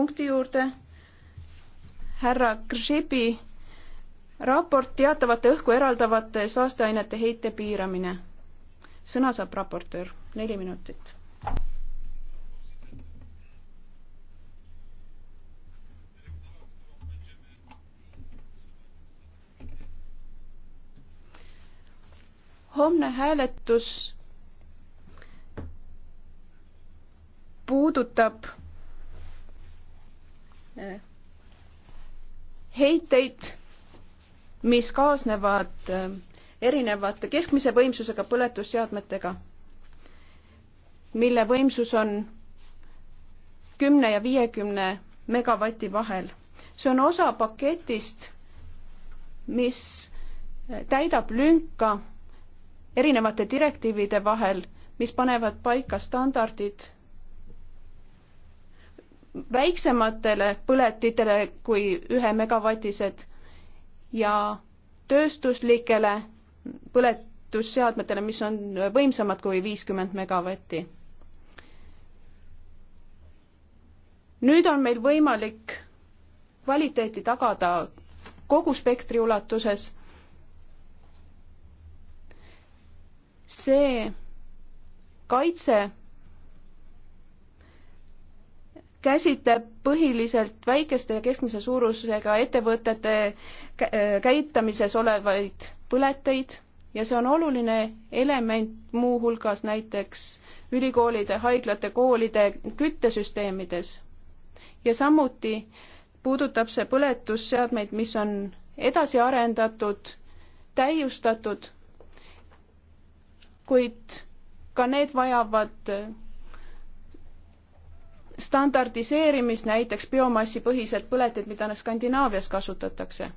punkti juurde. härra Gržebi raport teatavate õhku eraldavate saasteainete heite piiramine. sõna saab raportöör, neli minutit homne hääletus puudutab heiteid, mis kaasnevad äh, erinevate keskmise võimsusega põletusseadmetega, mille võimsus on kümne ja viiekümne megavati vahel. see on osa paketist, mis täidab lünka erinevate direktiivide vahel, mis panevad paika standardid väiksematele põletitele kui ühe megavatised ja tööstuslikele põletusseadmetele, mis on võimsamad kui viiskümmend megavatti. nüüd on meil võimalik kvaliteeti tagada kogu spektri ulatuses. see kaitse käsitleb põhiliselt väikeste ja keskmise suurusega ettevõtete äh, käitamises olevaid põleteid ja see on oluline element muuhulgas näiteks ülikoolide, haiglate, koolide küttesüsteemides. ja samuti puudutab see põletusseadmeid, mis on edasi arendatud, täiustatud, kuid ka need vajavad standardiseerimist, näiteks biomassipõhised põletid, mida Skandinaavias kasutatakse.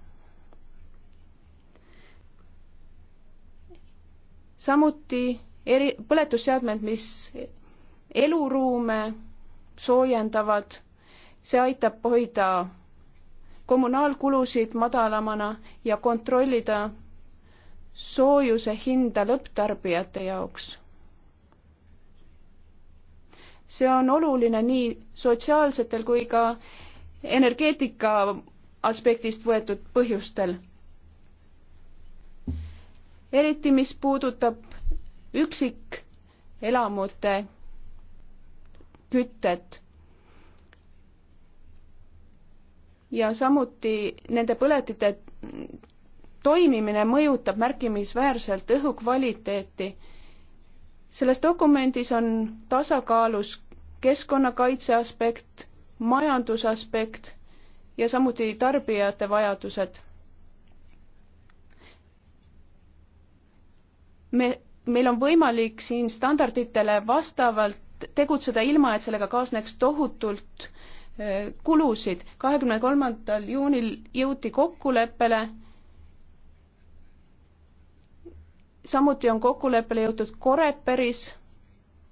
samuti eri, põletusseadmed, mis eluruume soojendavad, see aitab hoida kommunaalkulusid madalamana ja kontrollida soojuse hinda lõpptarbijate jaoks see on oluline nii sotsiaalsetel kui ka energeetika aspektist võetud põhjustel. eriti, mis puudutab üksikelamute kütet. ja samuti nende põletite toimimine mõjutab märkimisväärselt õhukvaliteeti selles dokumendis on tasakaalus keskkonnakaitse aspekt, majandusaspekt ja samuti tarbijate vajadused. me, meil on võimalik siin standarditele vastavalt tegutseda, ilma et sellega kaasneks tohutult eh, kulusid. kahekümne kolmandal juunil jõuti kokkuleppele samuti on kokkuleppele jõutud Koreperis,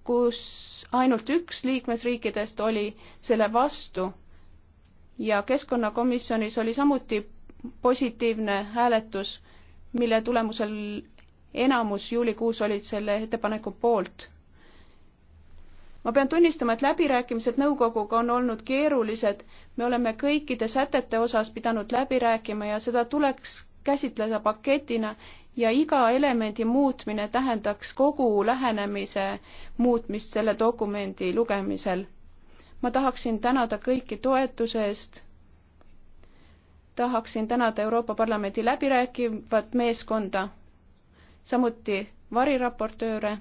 kus ainult üks liikmesriikidest oli selle vastu ja keskkonnakomisjonis oli samuti positiivne hääletus, mille tulemusel enamus juulikuus olid selle ettepaneku poolt. ma pean tunnistama, et läbirääkimised nõukoguga on olnud keerulised, me oleme kõikide sätete osas pidanud läbi rääkima ja seda tuleks käsitleda paketina, ja iga elemendi muutmine tähendaks kogu lähenemise muutmist selle dokumendi lugemisel. ma tahaksin tänada kõiki toetuse eest, tahaksin tänada Euroopa Parlamendi läbirääkivat meeskonda, samuti variraportööre,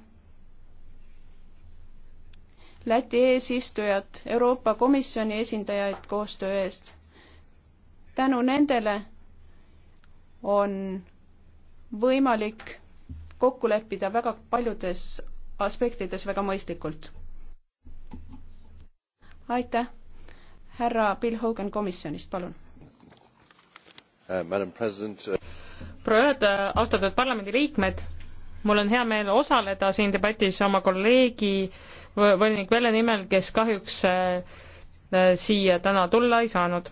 Läti eesistujat, Euroopa Komisjoni esindajaid koostöö eest. tänu nendele on võimalik kokku leppida väga paljudes aspektides väga mõistlikult. aitäh, härra Bill Hogan komisjonist, palun uh,. uh proua juhataja, austatud parlamendiliikmed, mul on hea meel osaleda siin debatis oma kolleegi volinik Velle nimel, kes kahjuks äh, siia täna tulla ei saanud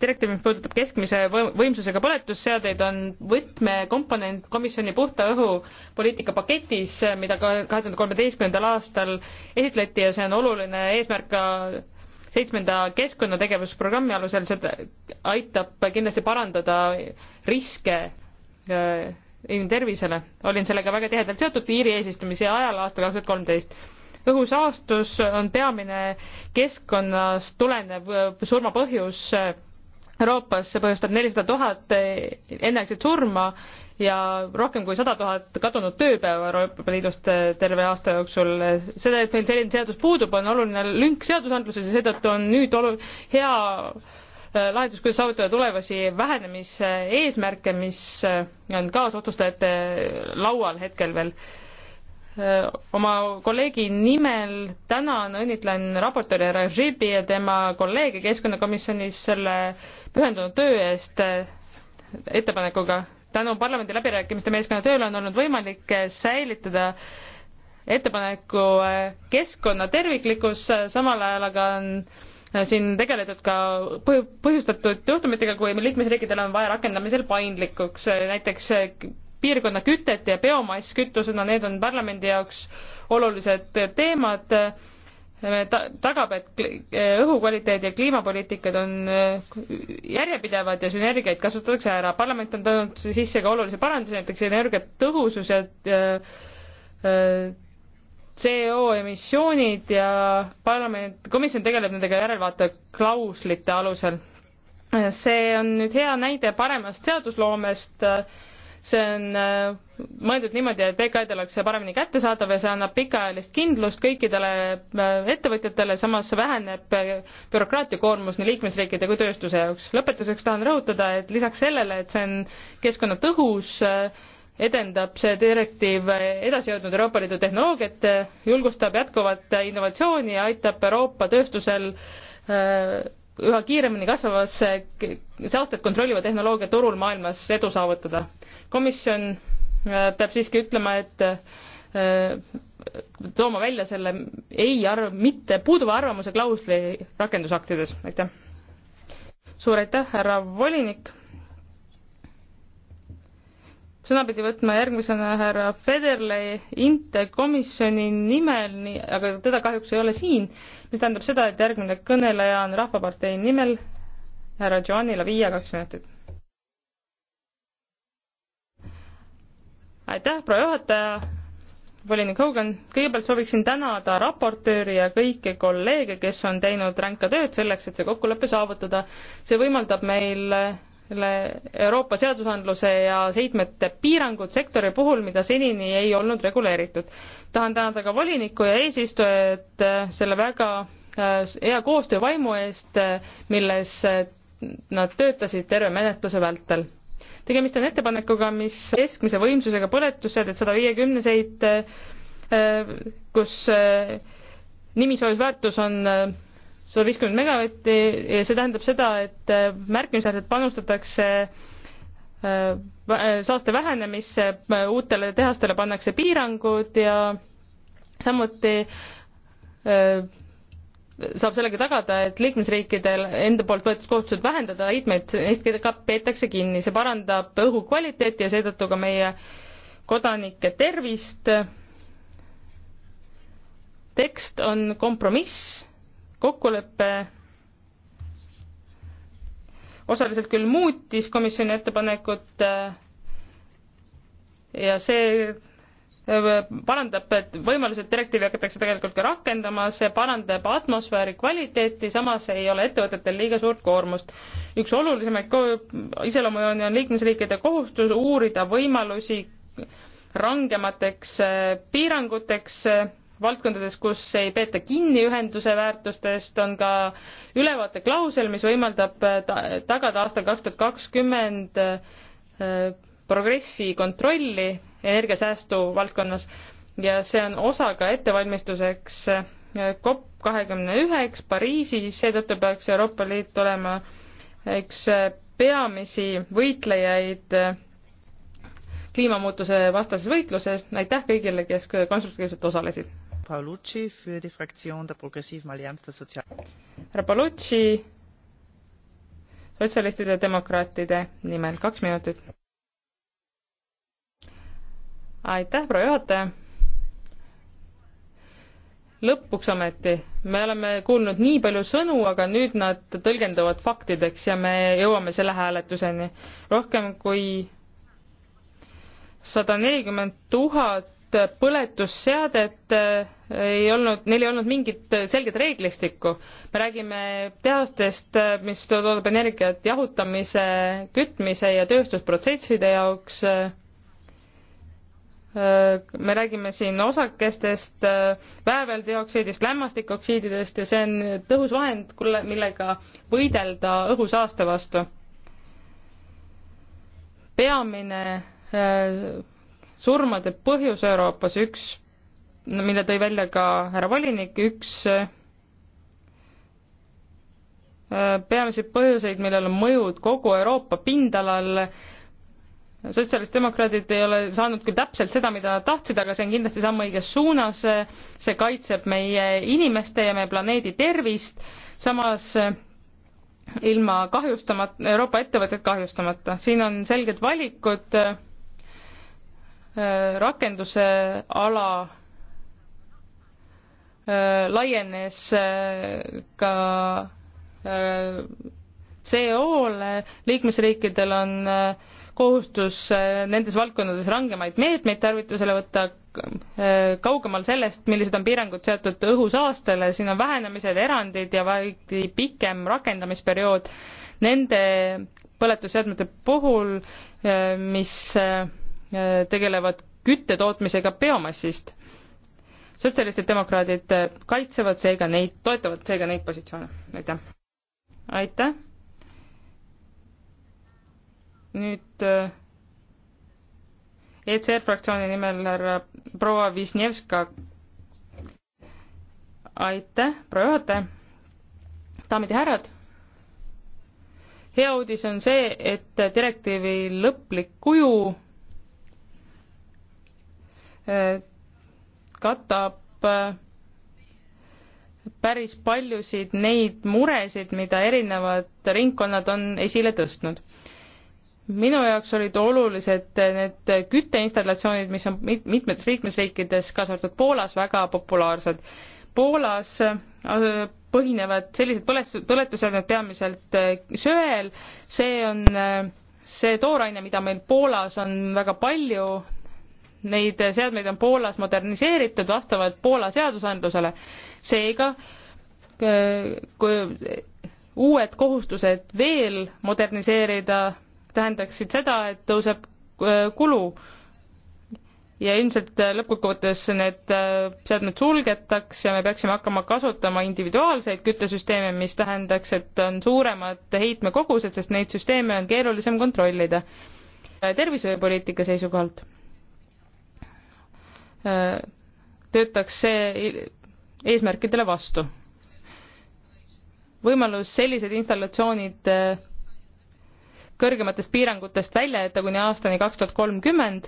direktiiv, mis puudutab keskmise võimsusega põletusseadeid, on võtmekomponent komisjoni puhta õhu poliitika paketis, mida ka kahe tuhande kolmeteistkümnendal aastal esitleti ja see on oluline eesmärk ka seitsmenda keskkonnategevusprogrammi alusel, see aitab kindlasti parandada riske äh, inimtervisele. olin sellega väga tihedalt seotud Iiri eesistumise ajal aastal kaks tuhat kolmteist õhusaastus on peamine keskkonnast tulenev surma põhjus. Euroopas see põhjustab nelisada tuhat enneaegset surma ja rohkem kui sada tuhat kadunud tööpäeva Euroopa Liidust terve aasta jooksul. seda, et meil selline seadus puudub, on oluline lünk seadusandluses ja seetõttu on nüüd olu-, hea äh, lahendus, kuidas saavutada tulevasi vähenemise eesmärke, mis äh, on kaasotsustajate äh, laual hetkel veel oma kolleegi nimel tänan, õnnitlen raportööri härra Žibi ja tema kolleege Keskkonnakomisjonis selle pühendunud töö eest äh, ettepanekuga. tänu parlamendi läbirääkimiste meeskonna tööle on olnud võimalik äh, säilitada ettepaneku äh, keskkonna terviklikkus, samal ajal aga on siin tegeletud ka põhjustatud juhtumitega, kui liikmesriikidel on vaja rakendamisel paindlikuks, näiteks piirkonna kütet ja biomass kütusena, need on parlamendi jaoks olulised teemad ta-, tagab, et õhukvaliteedi ja kliimapoliitikad on äh, järjepidevad ja sünergiaid kasutatakse ära. parlament on toonud sisse ka olulisi parandusi, näiteks energiatõhusus ja äh, äh, CO emissioonid ja parlament, komisjon tegeleb nendega järelevaataklauslite alusel. see on nüüd hea näide paremast seadusloomest äh, see on äh, mõeldud niimoodi, et VKD-l oleks see paremini kättesaadav ja see annab pikaajalist kindlust kõikidele äh, ettevõtjatele, samas väheneb äh, bürokraatia koormus nii liikmesriikide kui tööstuse jaoks. lõpetuseks tahan rõhutada, et lisaks sellele, et see on keskkonnatõhus, edendab see direktiiv edasi jõudnud Euroopa Liidu tehnoloogiat, julgustab jätkuvat innovatsiooni ja aitab Euroopa tööstusel üha kiiremini kasvavasse saastet kontrolliva tehnoloogia turul maailmas edu saavutada. komisjon äh, peab siiski ütlema, et äh, tooma välja selle ei arv-, mitte puuduva arvamuse klausli rakendusaktides, aitäh. suur aitäh, härra volinik sõna pidi võtma järgmisena härra Federley Inte komisjoni nimel, nii, aga teda kahjuks ei ole siin, mis tähendab seda, et järgmine kõneleja on Rahvapartei nimel härra Giovanni Lavia, kaks minutit. aitäh, proua juhataja, volinik Hogan, kõigepealt sooviksin tänada raportööri ja kõiki kolleege, kes on teinud ränka tööd selleks, et see kokkulepe saavutada. see võimaldab meil Euroopa seadusandluse ja seitmete piirangud sektori puhul, mida senini ei olnud reguleeritud. tahan tänada ka volinikku ja eesistujat äh, selle väga äh, hea koostöö vaimu eest, äh, milles nad töötasid terve menetluse vältel. tegemist on ettepanekuga, mis keskmise võimsusega põletusseadet sada viiekümneseid, kus nimisoojusväärtus on sada viiskümmend megavatti ja see tähendab seda, et äh, märkimisväärselt panustatakse äh, äh, saaste vähenemisse, uutele tehastele pannakse piirangud ja samuti saab sellega tagada, et liikmesriikidel enda poolt võetud kohustused vähendada heitmeid, neist ka peetakse kinni, see parandab õhukvaliteeti ja seetõttu ka meie kodanike tervist. tekst on kompromiss kokkulepe osaliselt küll muutis komisjoni ettepanekut äh, ja see äh, parandab, et võimalused direktiivi hakatakse tegelikult ka rakendama, see parandab atmosfääri kvaliteeti, samas ei ole ettevõtetel liiga suurt koormust. üks olulisemaid iseloomujooni on liikmesriikide kohustus uurida võimalusi rangemateks äh, piiranguteks valdkondades, kus ei peeta kinni ühenduse väärtustest, on ka ülevaateklausel, mis võimaldab äh, ta tagada aastal kaks tuhat kakskümmend äh, progressi kontrolli energiasäästu valdkonnas ja see on osa ka ettevalmistuseks äh, COP kahekümne üheks Pariisis, seetõttu peaks Euroopa Liit olema üks peamisi võitlejaid kliimamuutuse vastases võitluses, aitäh kõigile, kes konstruktiivselt osalesid! Paolucci für die Fraktion der Progressiven Allianz der Sozial-. härra Paolucci sotsialistide ja demokraatide nimel kaks minutit. aitäh, proua juhataja. lõpuks ometi, me oleme kuulnud nii palju sõnu, aga nüüd nad tõlgenduvad faktideks ja me jõuame selle hääletuseni. rohkem kui sada nelikümmend tuhat põletusseadet ei olnud, neil ei olnud mingit selget reeglistikku. me räägime tehastest, mis toodab energiat jahutamise, kütmise ja tööstusprotsesside jaoks. me räägime siin osakestest, vääveldioksiidist, lämmastikoksiididest ja see on tõhus vahend, millega võidelda õhusaaste vastu. peamine surmade põhjus Euroopas, üks mille tõi välja ka härra volinik, üks äh, peamisi põhjuseid, millel on mõjud kogu Euroopa pindalal, sotsialistdemokraadid ei ole saanud küll täpselt seda, mida nad tahtsid, aga see on kindlasti samm õiges suunas, see kaitseb meie inimeste ja meie planeedi tervist, samas äh, ilma kahjustamata, Euroopa ettevõtted kahjustamata. siin on selged valikud äh, rakenduse ala Äh, laienes äh, ka äh, CO-le, e liikmesriikidel on kohustus nendes valdkondades rangemaid meetmeid tarvitusele võtta, kaugemal sellest, millised on piirangud seotud õhusaastele, siin on vähenemised, erandid ja pikem rakendamisperiood nende põletusseadmete puhul, mis tegelevad kütte tootmisega biomassist sotsialistid, demokraadid eh, kaitsevad seega neid, toetavad seega neid positsioone. aitäh. aitäh. nüüd eh, ECR fraktsiooni nimel härra proua Visnjevska. aitäh, proua juhataja. daamid ja härrad. hea uudis on see, et direktiivi lõplik kuju eh, katab äh, päris paljusid neid muresid, mida erinevad ringkonnad on esile tõstnud. minu jaoks olid olulised need kütteinstallatsioonid, mis on mitmetes liikmesriikides, kaasa arvatud Poolas, väga populaarsed. Poolas äh, põhinevad sellised põletused, põletused peamiselt äh, söel, see on see tooraine, mida meil Poolas on väga palju, neid seadmeid on Poolas moderniseeritud vastavalt Poola seadusandlusele. seega kui uued kohustused veel moderniseerida tähendaksid seda, et tõuseb äh, kulu ja ilmselt lõppkokkuvõttes need äh, seadmed sulgetaks ja me peaksime hakkama kasutama individuaalseid küttesüsteeme, mis tähendaks, et on suuremad heitmekogused, sest neid süsteeme on keerulisem kontrollida. Äh, tervishoiupoliitika seisukohalt Äh, töötaks see eesmärkidele vastu. võimalus sellised installatsioonid äh, kõrgematest piirangutest välja jätta kuni aastani kaks tuhat kolmkümmend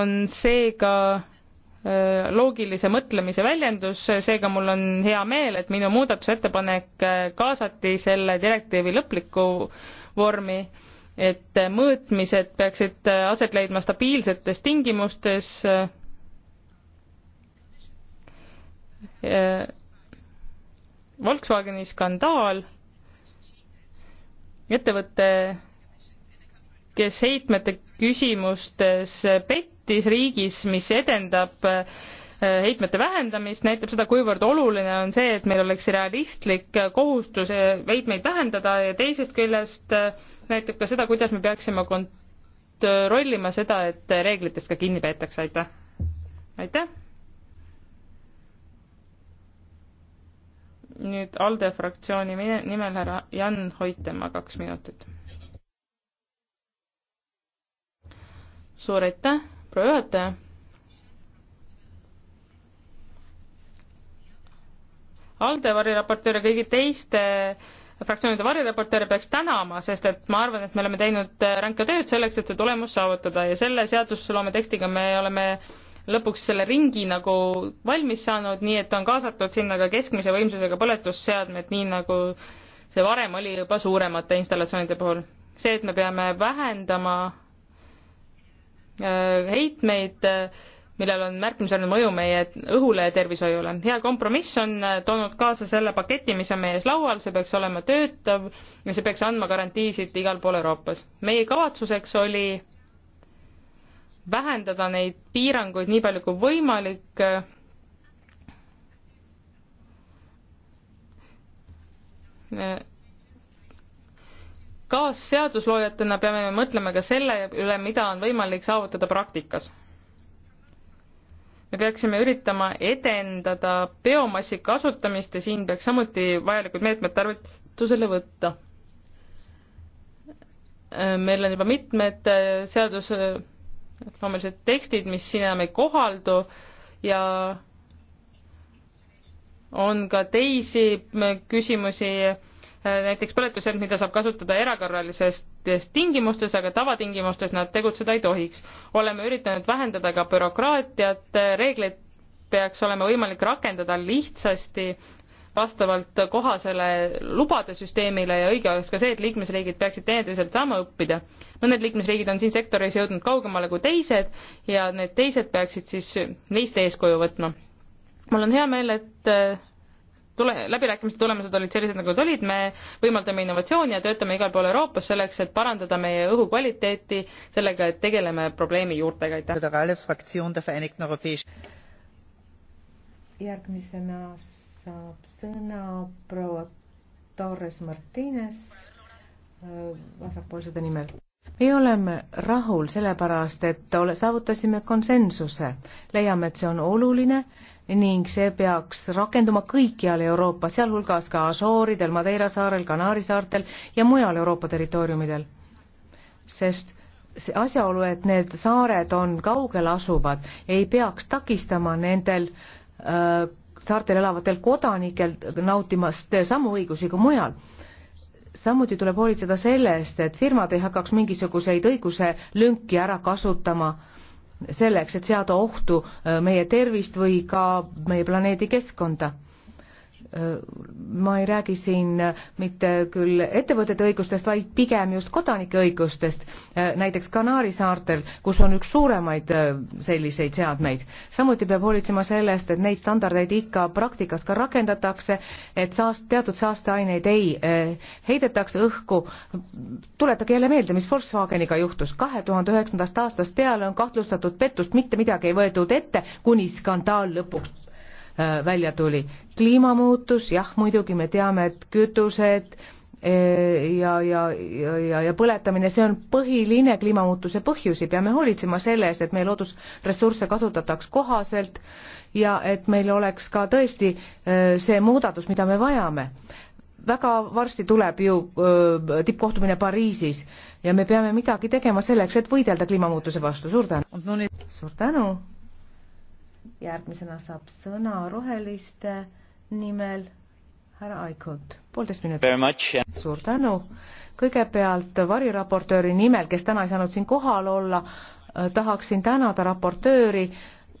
on seega äh, loogilise mõtlemise väljendus, seega mul on hea meel, et minu muudatusettepanek kaasati selle direktiivi lõplikku vormi et mõõtmised peaksid aset leidma stabiilsetes tingimustes Volkswageni skandaal, ettevõte, kes heitmete küsimustes pettis riigis, mis edendab heitmete vähendamist, näitab seda, kuivõrd oluline on see, et meil oleks realistlik kohustus eh, heitmeid vähendada ja teisest küljest eh, näitab ka seda, kuidas me peaksime kontrollima seda, et reeglitest ka kinni peetakse, aitäh. aitäh. nüüd ALDE fraktsiooni nimel härra Jan Hoitema, kaks minutit. suur aitäh, proua juhataja ALDE variraportööre, kõigi teiste fraktsioonide variraportööre peaks tänama, sest et ma arvan, et me oleme teinud äh, ränka tööd selleks, et see tulemus saavutada ja selle seadusloome tekstiga me oleme lõpuks selle ringi nagu valmis saanud, nii et on kaasatud sinna ka keskmise võimsusega põletusseadmed, nii nagu see varem oli juba suuremate installatsioonide puhul. see, et me peame vähendama äh, heitmeid äh, millel on märkimisväärne mõju meie õhule ja tervishoiule. hea kompromiss on äh, toonud kaasa selle paketi, mis on meie ees laual, see peaks olema töötav ja see peaks andma garantiisid igal pool Euroopas. meie kavatsuseks oli vähendada neid piiranguid nii palju kui võimalik, äh, kaasseadusloojatena peame mõtlema ka selle üle, mida on võimalik saavutada praktikas me peaksime üritama edendada biomassi kasutamist ja siin peaks samuti vajalikud meetmed tarvitusele võtta. Äh, meil on juba mitmed äh, seadusloomelised tekstid, mis siin enam ei kohaldu ja on ka teisi äh, küsimusi Äh, näiteks põletusel, mida saab kasutada erakorralises tingimustes, aga tavatingimustes nad tegutseda ei tohiks. oleme üritanud vähendada ka bürokraatiat, reegleid peaks olema võimalik rakendada lihtsasti vastavalt kohasele lubade süsteemile ja õige oleks ka see, et liikmesriigid peaksid teineteiselt sama õppida. mõned liikmesriigid on siin sektoris jõudnud kaugemale kui teised ja need teised peaksid siis neist eeskuju võtma. mul on hea meel, et äh, tule, läbirääkimiste tulemused olid sellised, nagu nad olid, me võimaldame innovatsiooni ja töötame igal pool Euroopas selleks, et parandada meie õhu kvaliteeti sellega, et tegeleme probleemi juurtega, aitäh. järgmisena saab sõna proua Torres Martines äh, vasakpoolsete nimel me oleme rahul sellepärast, et ole, saavutasime konsensuse. leiame, et see on oluline ning see peaks rakenduma kõikjal Euroopas, sealhulgas ka Asooridel, Madeira saarel, Kanaari saartel ja mujal Euroopa territooriumidel. sest see asjaolu, et need saared on kaugel asuvad, ei peaks takistama nendel öö, äh, saartel elavatel kodanikel nautimast samu õigusi kui mujal samuti tuleb hoolitseda selle eest, et firmad ei hakkaks mingisuguseid õiguse lünki ära kasutama selleks, et seada ohtu äh, meie tervist või ka meie planeedi keskkonda ma ei räägi siin mitte küll ettevõtete õigustest, vaid pigem just kodanike õigustest, äh, näiteks Kanaari saartel, kus on üks suuremaid äh, selliseid seadmeid. samuti peab hoolitsema selle eest, et neid standardeid ikka praktikas ka rakendatakse, et saast-, teatud saasteaineid ei äh, heidetaks õhku. tuletage jälle meelde, mis Volkswageniga juhtus. kahe tuhande üheksandast aastast peale on kahtlustatud pettust, mitte midagi ei võetud ette, kuni skandaal lõpuks välja tuli. kliimamuutus, jah, muidugi me teame, et kütused ja, ja, ja, ja, ja põletamine, see on põhiline kliimamuutuse põhjusi, peame hoolitsema selle eest, et meie loodusressursse kasutataks kohaselt ja et meil oleks ka tõesti see muudatus, mida me vajame. väga varsti tuleb ju tippkohtumine Pariisis ja me peame midagi tegema selleks, et võidelda kliimamuutuse vastu, suur tänu. suur tänu järgmisena saab sõna roheliste nimel härra Aikot, poolteist minutit. suur tänu. kõigepealt variraportööri nimel, kes täna ei saanud siin kohal olla, äh, tahaksin tänada raportööri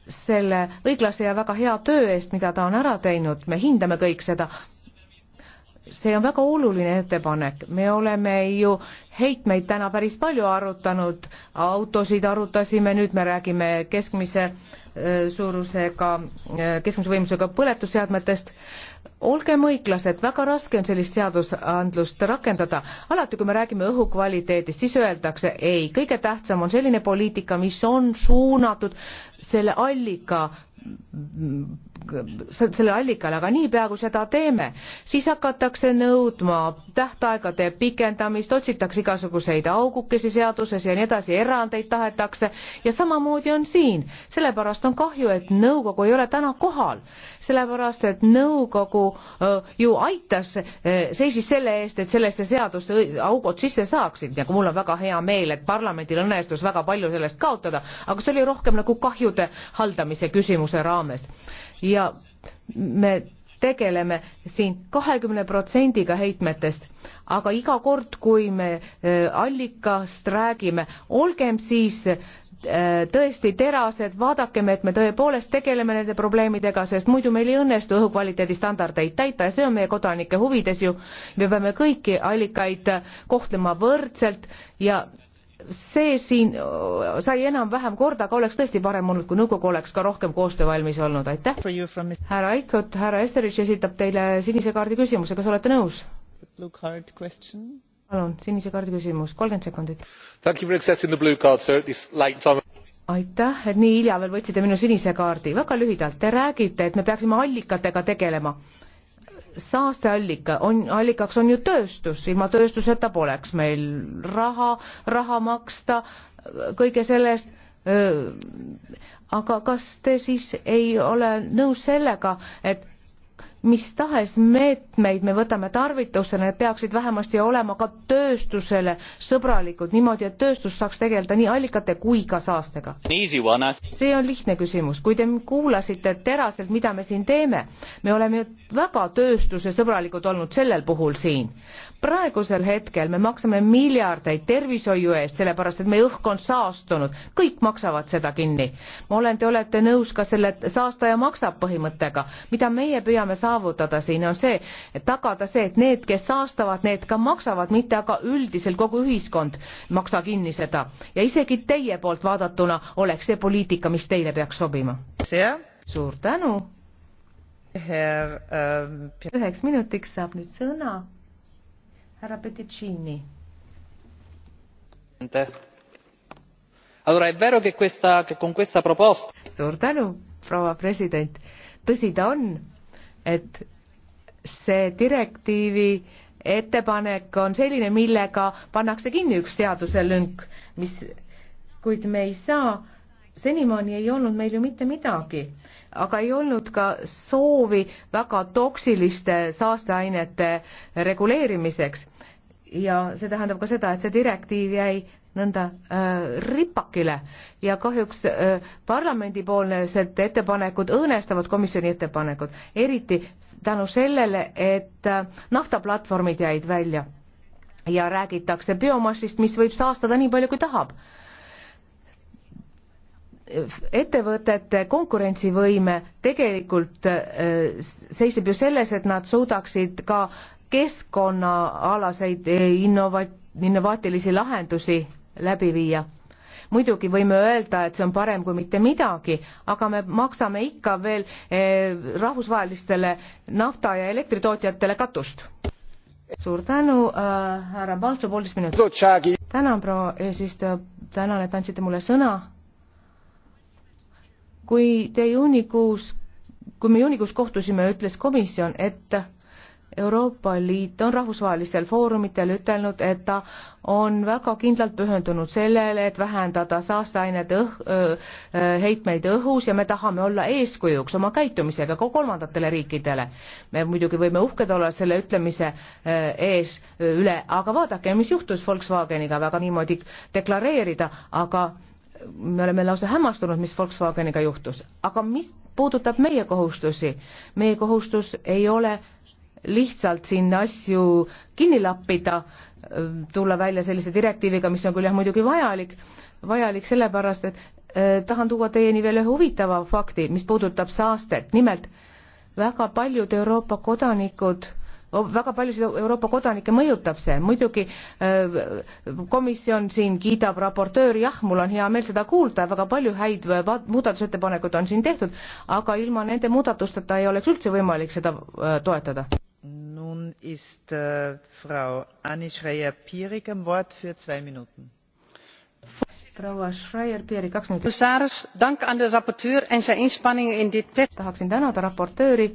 selle õiglase ja väga hea töö eest, mida ta on ära teinud, me hindame kõik seda see on väga oluline ettepanek, me oleme ju heitmeid täna päris palju arutanud, autosid arutasime, nüüd me räägime keskmise äh, suurusega, äh, keskmise võimsusega põletusseadmetest. olgem õiglased, väga raske on sellist seadusandlust rakendada. alati, kui me räägime õhukvaliteedist, siis öeldakse ei, kõige tähtsam on selline poliitika, mis on suunatud selle allika selle allikale, aga niipea kui seda teeme, siis hakatakse nõudma tähtaegade pikendamist, otsitakse igasuguseid augukesi seaduses ja nii edasi, erandeid tahetakse ja samamoodi on siin. sellepärast on kahju, et nõukogu ei ole täna kohal, sellepärast et nõukogu äh, ju aitas, äh, seisis selle eest, et sellesse seadusse augud sisse saaksid ja mul on väga hea meel, et parlamendil õnnestus väga palju sellest kaotada, aga see oli rohkem nagu kahjude haldamise küsimus tulemuse raames ja me tegeleme siin kahekümne protsendiga heitmetest, aga iga kord, kui me äh, allikast räägime, olgem siis äh, tõesti terased, vaadakem, et me tõepoolest tegeleme nende probleemidega, sest muidu meil ei õnnestu õhukvaliteedi standardeid täita ja see on meie kodanike huvides ju. me peame kõiki allikaid kohtlema võrdselt ja see siin sai enam-vähem korda, aga oleks tõesti parem olnud, kui nõukogu oleks ka rohkem koostöövalmis olnud, aitäh. härra Aikot, härra Esterich esitab teile sinise kaardi küsimuse, kas olete nõus? palun, sinise kaardi küsimus, kolmkümmend sekundit. aitäh, et nii hilja veel võtsite minu sinise kaardi, väga lühidalt, te räägite, et me peaksime allikatega tegelema saasteallika on, allikaks on ju tööstus, ilma tööstuseta poleks meil raha, raha maksta, kõige selle eest. aga kas te siis ei ole nõus sellega, et mis tahes meetmeid me võtame tarvitusele, need peaksid vähemasti olema ka tööstusele sõbralikud, niimoodi, et tööstus saaks tegeleda nii allikate kui ka saastega. see on lihtne küsimus, kui te kuulasite teraselt, mida me siin teeme, me oleme ju väga tööstusesõbralikud olnud sellel puhul siin. praegusel hetkel me maksame miljardeid tervishoiu eest, sellepärast et meie õhk on saastunud, kõik maksavad seda kinni. ma olen, te olete nõus ka selle saastaja maksab põhimõttega, mida meie püüame saada saavutada siin, on see, et tagada see, et need, kes saastavad, need ka maksavad, mitte aga üldiselt kogu ühiskond maksa kinni seda. ja isegi teie poolt vaadatuna oleks see poliitika, mis teile peaks sobima. suur tänu. Ähm, üheks minutiks saab nüüd sõna härra Petticini. Allora è vero che questa, che con questa proposta. Suur tänu, proua president. Tõsi ta on, et see direktiivi ettepanek on selline, millega pannakse kinni üks seaduselünk, mis, kuid me ei saa, senimaani ei olnud meil ju mitte midagi, aga ei olnud ka soovi väga toksiliste saasteainete reguleerimiseks. ja see tähendab ka seda, et see direktiiv jäi nõnda äh, ripakile ja kahjuks äh, parlamendipoolsed ettepanekud õõnestavad komisjoni ettepanekud, eriti tänu sellele, et äh, naftaplatvormid jäid välja ja räägitakse biomassist, mis võib saastada nii palju, kui tahab. ettevõtete konkurentsivõime tegelikult äh, seisneb ju selles, et nad suudaksid ka keskkonnaalaseid äh, innova-, innovaatilisi lahendusi läbi viia. muidugi võime öelda, et see on parem kui mitte midagi, aga me maksame ikka veel eh, rahvusvahelistele nafta- ja elektritootjatele katust. suur tänu äh,, härra Baltso, poolteist minutit. tänan, proua eesistuja, tänan, et andsite mulle sõna. kui te juunikuus, kui me juunikuus kohtusime, ütles komisjon, et Euroopa Liit on rahvusvahelistel foorumitel ütelnud, et ta on väga kindlalt pühendunud sellele, et vähendada saasteainete õh-, heitmeid õhus ja me tahame olla eeskujuks oma käitumisega ka kolmandatele riikidele. me muidugi võime uhked olla selle ütlemise ees üle, aga vaadake, mis juhtus Volkswageniga, väga niimoodi deklareerida, aga me oleme lausa hämmastunud, mis Volkswageniga juhtus. aga mis puudutab meie kohustusi, meie kohustus ei ole lihtsalt siin asju kinni lappida, tulla välja sellise direktiiviga, mis on küll jah, muidugi vajalik, vajalik sellepärast, et äh, tahan tuua teieni veel ühe huvitava fakti, mis puudutab saastet, nimelt väga paljud Euroopa kodanikud väga paljusid Euroopa kodanikke mõjutab see, muidugi äh, komisjon siin kiidab raportööri, jah, mul on hea meel seda kuulda, väga palju häid muudatusettepanekuid on siin tehtud, aga ilma nende muudatusteta ei oleks üldse võimalik seda äh, toetada. Nun ist äh, Frau Anni Schreier-Pierik am Wort für zwei Minuten. proua Schreier-Pierik, kaks minutit. commissaris, dank aan de raporteur en zijn inspanningen in dit. tahaksin tänada raportööri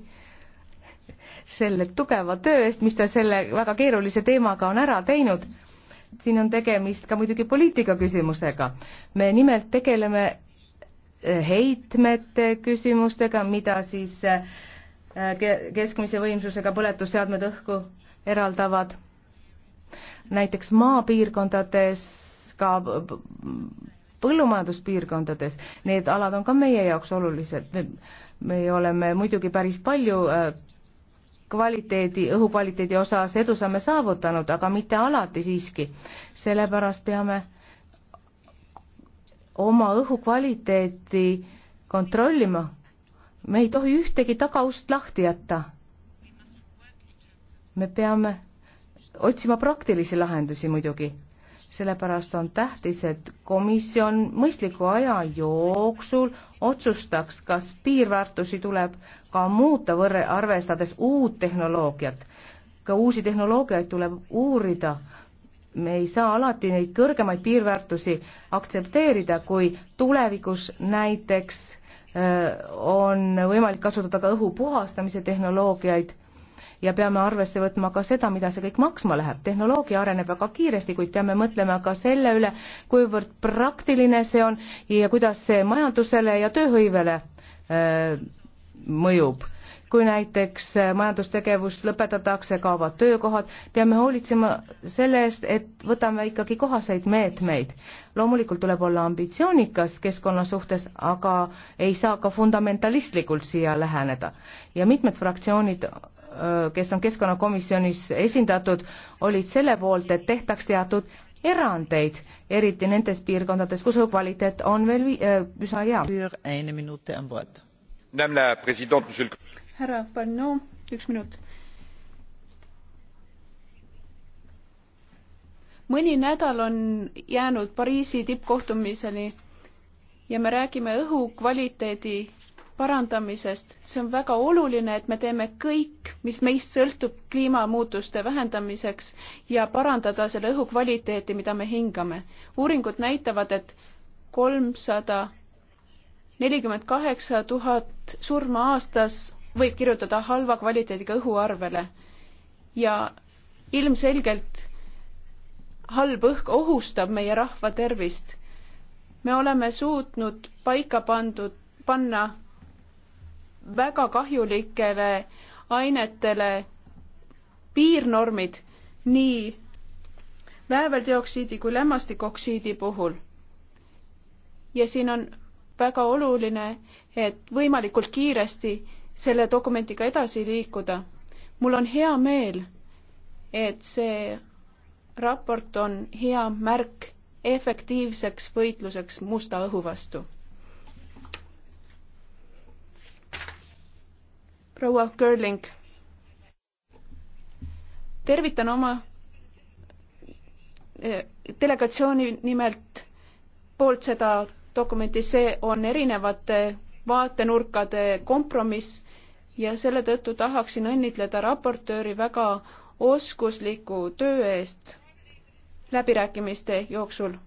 selle tugeva töö eest, mis ta selle väga keerulise teemaga on ära teinud. siin on tegemist ka muidugi poliitika küsimusega. me nimelt tegeleme äh, heitmete küsimustega, mida siis äh, Äh, keskmise võimsusega põletusseadmed õhku eraldavad. näiteks maapiirkondades, ka põllumajanduspiirkondades, need alad on ka meie jaoks olulised. me oleme muidugi päris palju äh, kvaliteedi, õhukvaliteedi osas edusamme saavutanud, aga mitte alati siiski. sellepärast peame oma õhukvaliteeti kontrollima me ei tohi ühtegi tagaust lahti jätta. me peame otsima praktilisi lahendusi muidugi, sellepärast on tähtis, et komisjon mõistliku aja jooksul otsustaks, kas piirväärtusi tuleb ka muuta võrre, arvestades uut tehnoloogiat. ka uusi tehnoloogiaid tuleb uurida, me ei saa alati neid kõrgemaid piirväärtusi aktsepteerida, kui tulevikus näiteks on võimalik kasutada ka õhu puhastamise tehnoloogiaid ja peame arvesse võtma ka seda, mida see kõik maksma läheb. tehnoloogia areneb väga kiiresti, kuid peame mõtlema ka selle üle, kuivõrd praktiline see on ja kuidas see majandusele ja tööhõivele öö, äh, mõjub kui näiteks äh, majandustegevus lõpetatakse, kaovad töökohad, peame hoolitsema selle eest, et võtame ikkagi kohaseid meetmeid. loomulikult tuleb olla ambitsioonikas keskkonna suhtes, aga ei saa ka fundamentalistlikult siia läheneda. ja mitmed fraktsioonid äh, kes on keskkonnakomisjonis esindatud, olid selle poolt, et tehtaks teatud erandeid, eriti nendes piirkondades, kus õhukvaliteet on veel äh, üsna hea härra Pannoo, üks minut. mõni nädal on jäänud Pariisi tippkohtumiseni ja me räägime õhukvaliteedi parandamisest, see on väga oluline, et me teeme kõik, mis meist sõltub kliimamuutuste vähendamiseks ja parandada selle õhu kvaliteeti, mida me hingame. uuringud näitavad, et kolmsada nelikümmend kaheksa tuhat surma aastas võib kirjutada halva kvaliteediga õhuarvele ja ilmselgelt halb õhk ohustab meie rahva tervist. me oleme suutnud paika pandud, panna väga kahjulikele ainetele piirnormid nii vääveldioksiidi kui lämmastikoksiidi puhul. ja siin on väga oluline, et võimalikult kiiresti selle dokumendiga edasi liikuda. mul on hea meel, et see raport on hea märk efektiivseks võitluseks musta õhu vastu. proua Görling, tervitan oma eh, delegatsiooni nimelt poolt seda dokumenti, see on erinevate vaatenurkade kompromiss ja selle tõttu tahaksin õnnitleda raportööri väga oskusliku töö eest läbirääkimiste jooksul.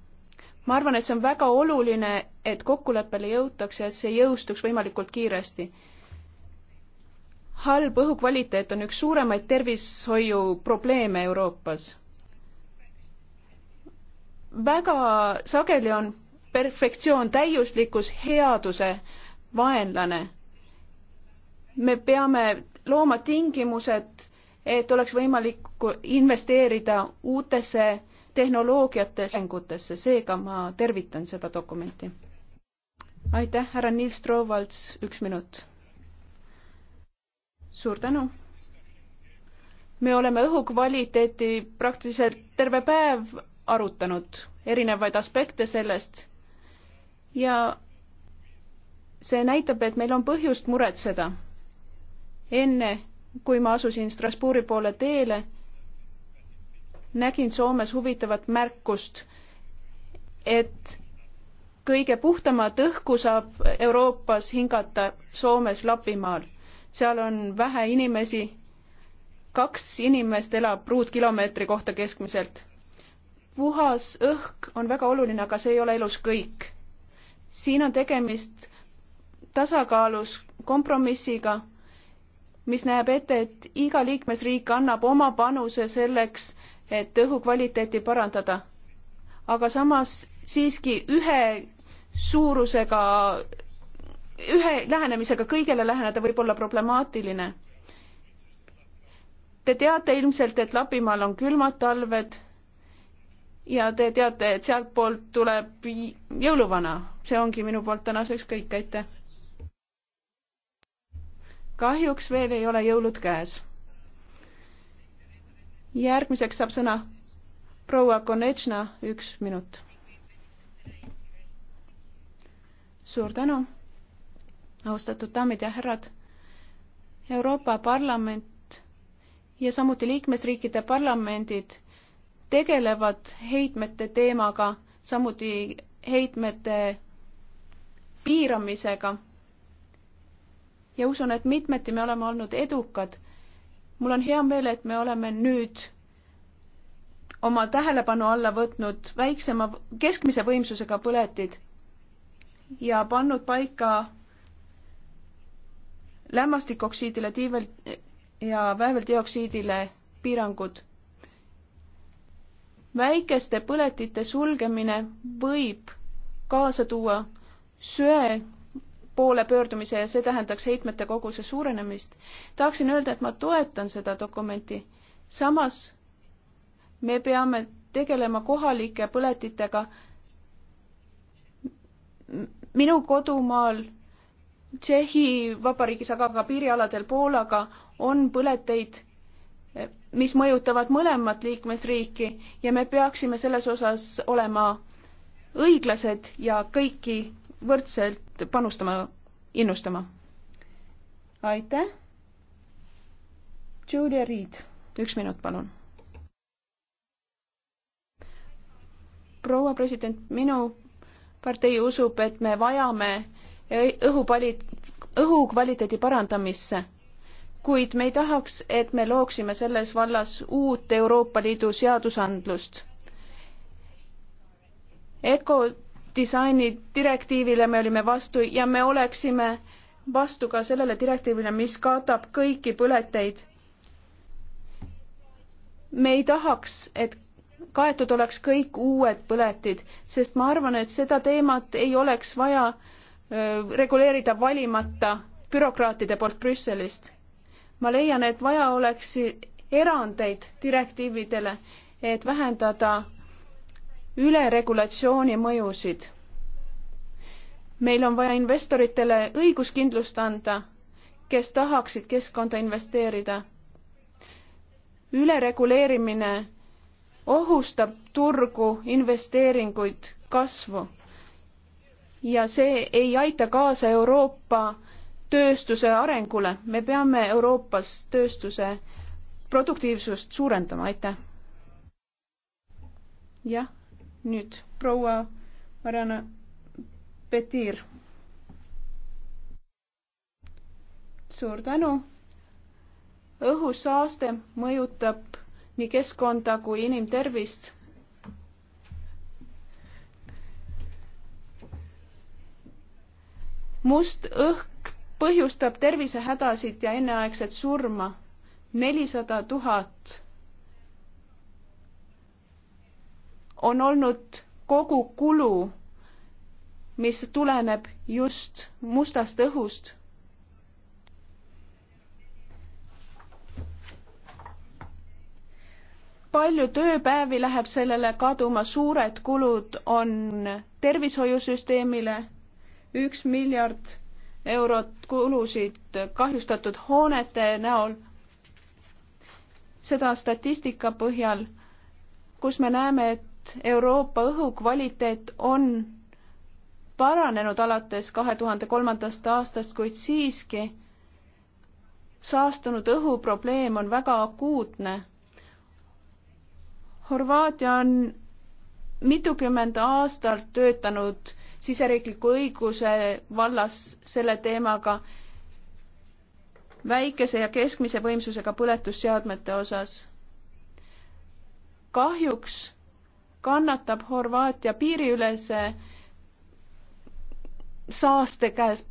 ma arvan, et see on väga oluline, et kokkuleppele jõutakse, et see jõustuks võimalikult kiiresti. halb õhukvaliteet on üks suuremaid tervishoiuprobleeme Euroopas. väga sageli on perfektsioon, täiuslikkus headuse vaenlane. me peame looma tingimused, et oleks võimalik investeerida uutesse tehnoloogiate arengutesse, seega ma tervitan seda dokumenti. aitäh, härra Nils Troovalts, üks minut. suur tänu. me oleme õhukvaliteeti praktiliselt terve päev arutanud, erinevaid aspekte sellest ja see näitab, et meil on põhjust muretseda. enne, kui ma asusin Strasbourgi poole teele, nägin Soomes huvitavat märkust, et kõige puhtamat õhku saab Euroopas hingata Soomes Lapimaal. seal on vähe inimesi, kaks inimest elab ruutkilomeetri kohta keskmiselt. puhas õhk on väga oluline, aga see ei ole elus kõik. siin on tegemist tasakaalus kompromissiga, mis näeb ette, et iga liikmesriik annab oma panuse selleks, et õhukvaliteeti parandada. aga samas siiski ühe suurusega, ühe lähenemisega kõigele läheneda võib olla problemaatiline. Te teate ilmselt, et Lapimaal on külmad talved ja te teate, et sealtpoolt tuleb jõuluvana. see ongi minu poolt tänaseks kõik, aitäh! kahjuks veel ei ole jõulud käes. järgmiseks saab sõna proua Konechna, üks minut. suur tänu, austatud daamid ja härrad. Euroopa Parlament ja samuti liikmesriikide parlamendid tegelevad heitmete teemaga, samuti heitmete piiramisega ja usun, et mitmeti me oleme olnud edukad. mul on hea meel, et me oleme nüüd oma tähelepanu alla võtnud väiksema, keskmise võimsusega põletid ja pannud paika lämmastikoksiidile, tiivel ja vääveldioksiidile piirangud. väikeste põletite sulgemine võib kaasa tuua söe poole pöördumise ja see tähendaks heitmete koguse suurenemist. tahaksin öelda, et ma toetan seda dokumenti. samas me peame tegelema kohalike põletitega. minu kodumaal Tšehhi Vabariigis, aga ka piirialadel Poolaga on põleteid, mis mõjutavad mõlemat liikmesriiki ja me peaksime selles osas olema õiglased ja kõiki võrdselt meid panustama, innustama. aitäh. Julia Reed, üks minut, palun. proua president, minu partei usub, et me vajame õhupali-, õhukvaliteedi parandamisse, kuid me ei tahaks, et me looksime selles vallas uut Euroopa Liidu seadusandlust. ECO disaini direktiivile me olime vastu ja me oleksime vastu ka sellele direktiivile, mis katab kõiki põleteid. me ei tahaks, et kaetud oleks kõik uued põletid, sest ma arvan, et seda teemat ei oleks vaja reguleerida valimata bürokraatide poolt Brüsselist. ma leian, et vaja oleks erandeid direktiividele, et vähendada üleregulatsiooni mõjusid. meil on vaja investoritele õiguskindlust anda, kes tahaksid keskkonda investeerida. ülereguleerimine ohustab turgu, investeeringuid, kasvu. ja see ei aita kaasa Euroopa tööstuse arengule, me peame Euroopas tööstuse produktiivsust suurendama, aitäh. jah nüüd proua Mariana Petir. suur tänu. õhusaaste mõjutab nii keskkonda kui inimtervist. must õhk põhjustab tervisehädasid ja enneaegset surma. nelisada tuhat on olnud kogu kulu, mis tuleneb just mustast õhust. palju tööpäevi läheb sellele kaduma, suured kulud on tervishoiusüsteemile, üks miljard eurot kulusid kahjustatud hoonete näol. seda statistika põhjal, kus me näeme, et et Euroopa õhukvaliteet on paranenud alates kahe tuhande kolmandast aastast, kuid siiski saastunud õhu probleem on väga akuutne. Horvaatia on mitukümmend aastat töötanud siseriikliku õiguse vallas selle teemaga väikese ja keskmise võimsusega põletusseadmete osas. kahjuks kannatab Horvaatia piiriülese saaste käes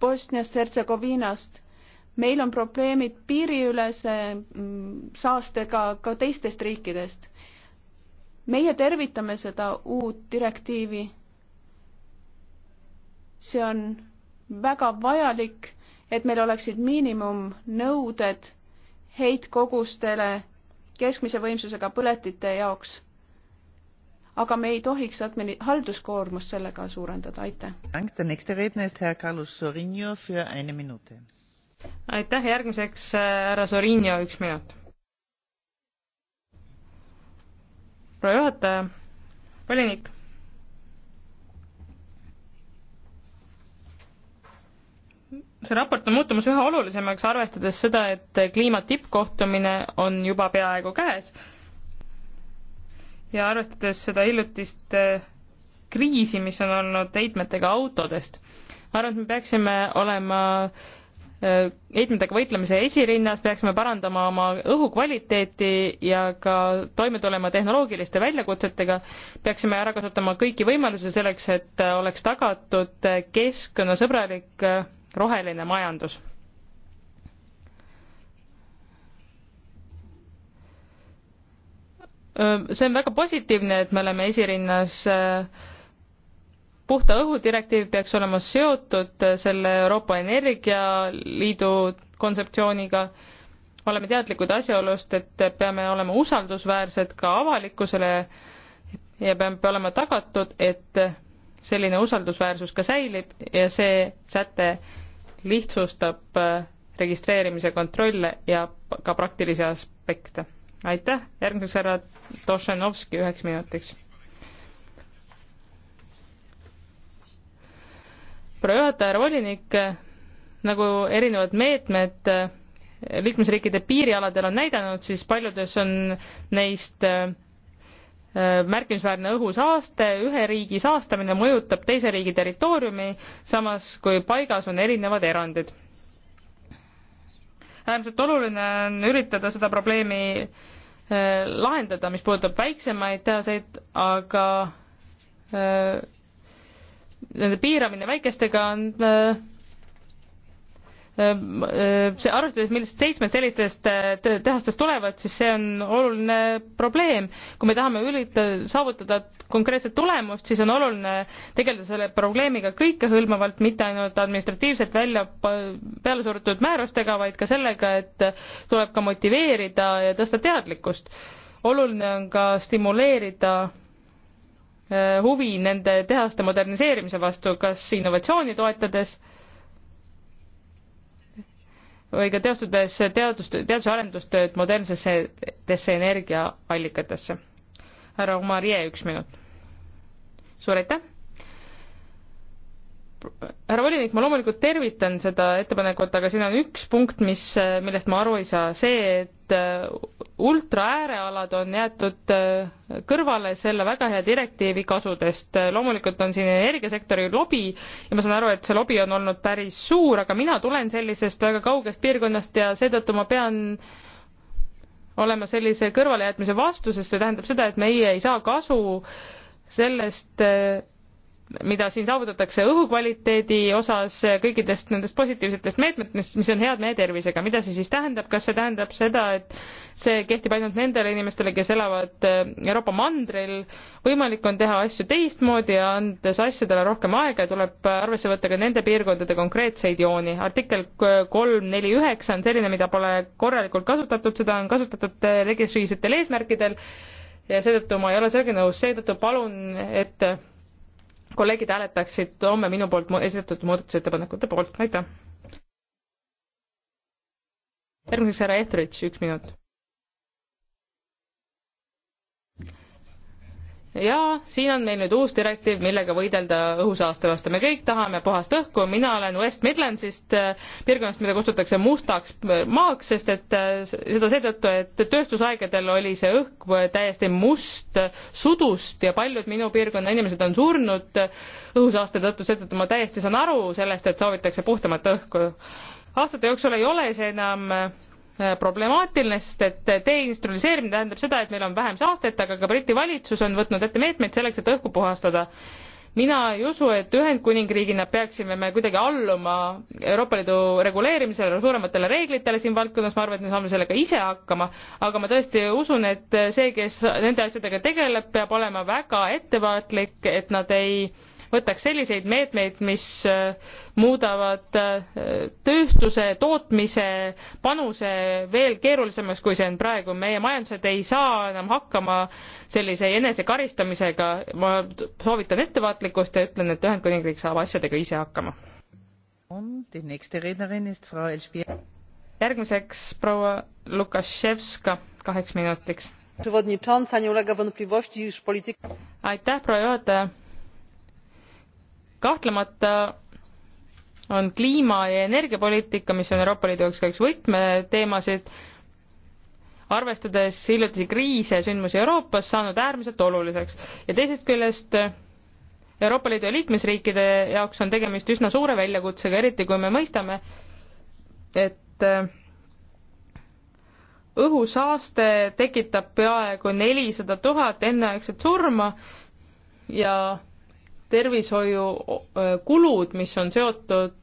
Bosniast, Hertsegoviinast. meil on probleemid piiriülese mm, saastega ka teistest riikidest. meie tervitame seda uut direktiivi. see on väga vajalik, et meil oleksid miinimumnõuded heitkogustele keskmise võimsusega põletite jaoks aga me ei tohiks admini-, halduskoormust sellega suurendada, aitäh. aitäh, järgmiseks äh, härra Sorinio, üks minut. proua juhataja, volinik. see raport on muutumas üha olulisemaks, arvestades seda, et kliima tippkohtumine on juba peaaegu käes ja arvestades seda hiljutist äh, kriisi, mis on olnud heitmetega autodest, ma arvan, et me peaksime olema äh, heitmetega võitlemise esirinnas, peaksime parandama oma õhukvaliteeti ja ka toime tulema tehnoloogiliste väljakutsetega, peaksime ära kasutama kõiki võimalusi selleks, et äh, oleks tagatud keskkonnasõbralik roheline majandus see on väga positiivne, et me oleme esirinnas. puhta õhu direktiiv peaks olema seotud selle Euroopa Energialiidu kontseptsiooniga. oleme teadlikud asjaolust, et peame olema usaldusväärsed ka avalikkusele ja peab olema tagatud, et selline usaldusväärsus ka säilib ja see säte lihtsustab registreerimise kontrolle ja ka praktilisi aspekte aitäh, järgmiseks härra Tošenovski üheks minutiks. proua juhataja, härra volinik, nagu erinevad meetmed eh, liikmesriikide piirialadel on näidanud, siis paljudes on neist eh, eh, märkimisväärne õhusaaste, ühe riigi saastamine mõjutab teise riigi territooriumi, samas kui paigas on erinevad erandid äärmiselt oluline on üritada seda probleemi eh, lahendada, mis puudutab väiksemaid tehaseid, aga eh, nende piiramine väikestega on eh, Ehm, ehm, see arvestades, millised seitsmed sellistest äh, tehastest tulevad, siis see on oluline probleem. kui me tahame üritada saavutada konkreetset tulemust, siis on oluline tegeleda selle probleemiga kõikehõlmavalt, mitte ainult administratiivselt välja peale surutud määrustega, vaid ka sellega, et tuleb ka motiveerida ja tõsta teadlikkust. oluline on ka stimuleerida äh, huvi nende tehaste moderniseerimise vastu, kas innovatsiooni toetades või ka teostades teadust, teadus- ja arendustööd modernsetesse energiaallikatesse. härra Omarie, üks minut. suur aitäh! härra volinik, ma loomulikult tervitan seda ettepanekut, aga siin on üks punkt, mis, millest ma aru ei saa, see, et et äh, ultraäärealad on jäetud äh, kõrvale selle väga hea direktiivi kasudest. Äh, loomulikult on siin energiasektori lobi ja ma saan aru, et see lobi on olnud päris suur, aga mina tulen sellisest väga kaugest piirkonnast ja seetõttu ma pean olema sellise kõrvalejätmise vastu, sest see tähendab seda, et meie ei saa kasu sellest mida siin saavutatakse õhukvaliteedi osas, kõikidest nendest positiivsetest meetmetest, mis on head meie tervisega, mida see siis tähendab, kas see tähendab seda, et see kehtib ainult nendele inimestele, kes elavad äh, Euroopa mandril, võimalik on teha asju teistmoodi ja andes asjadele rohkem aega, tuleb arvesse võtta ka nende piirkondade konkreetseid jooni. artikkel kolm, neli, üheksa on selline, mida pole korralikult kasutatud, seda on kasutatud äh, registriisetel eesmärkidel ja seetõttu ma ei ole sellega nõus, seetõttu palun, et kolleegid hääletaksid homme minu poolt esitatud muudatusettepanekute poolt, aitäh! järgmiseks härra Etheridge, üks minut ja siin on meil nüüd uus direktiiv, millega võidelda õhusaaste vastu. me kõik tahame puhast õhku, mina olen West Midlandsist, äh, piirkonnast, mida kutsutakse mustaks maaks, sest et äh, seda seetõttu, et tööstusaegadel oli see õhk täiesti must sudust ja paljud minu piirkonna inimesed on surnud õhusaaste tõttu, seetõttu ma täiesti saan aru sellest, et soovitakse puhtamat õhku. aastate jooksul ei ole see enam Äh, problemaatiline, sest et deindustrialiseerimine tähendab seda, et meil on vähem saastet, aga ka Briti valitsus on võtnud ette meetmeid selleks, et õhku puhastada. mina ei usu, et Ühendkuningriigina peaksime me kuidagi alluma Euroopa Liidu reguleerimisele, suurematele reeglitele siin valdkonnas, ma arvan, et me saame sellega ise hakkama, aga ma tõesti usun, et see, kes nende asjadega tegeleb, peab olema väga ettevaatlik, et nad ei äh, võtaks selliseid meetmeid, mis äh, muudavad äh, tööstuse tootmise panuse veel keerulisemaks, kui see on praegu. meie majandused ei saa enam hakkama sellise enesekaristamisega. ma soovitan ettevaatlikkust ja ütlen, et Ühendkuningriik saab asjadega ise hakkama. järgmiseks proua Lukaševska kaheks minutiks. aitäh, proua juhataja kahtlemata on kliima- ja energiapoliitika, mis on Euroopa Liidu jaoks ka üks võtmeteemasid, arvestades hiljutisi kriise ja sündmusi Euroopas, saanud äärmiselt oluliseks. ja teisest küljest Euroopa Liidu ja liikmesriikide jaoks on tegemist üsna suure väljakutsega, eriti kui me mõistame, et õhusaaste tekitab peaaegu nelisada tuhat enneaegset surma ja tervishoiukulud, mis on seotud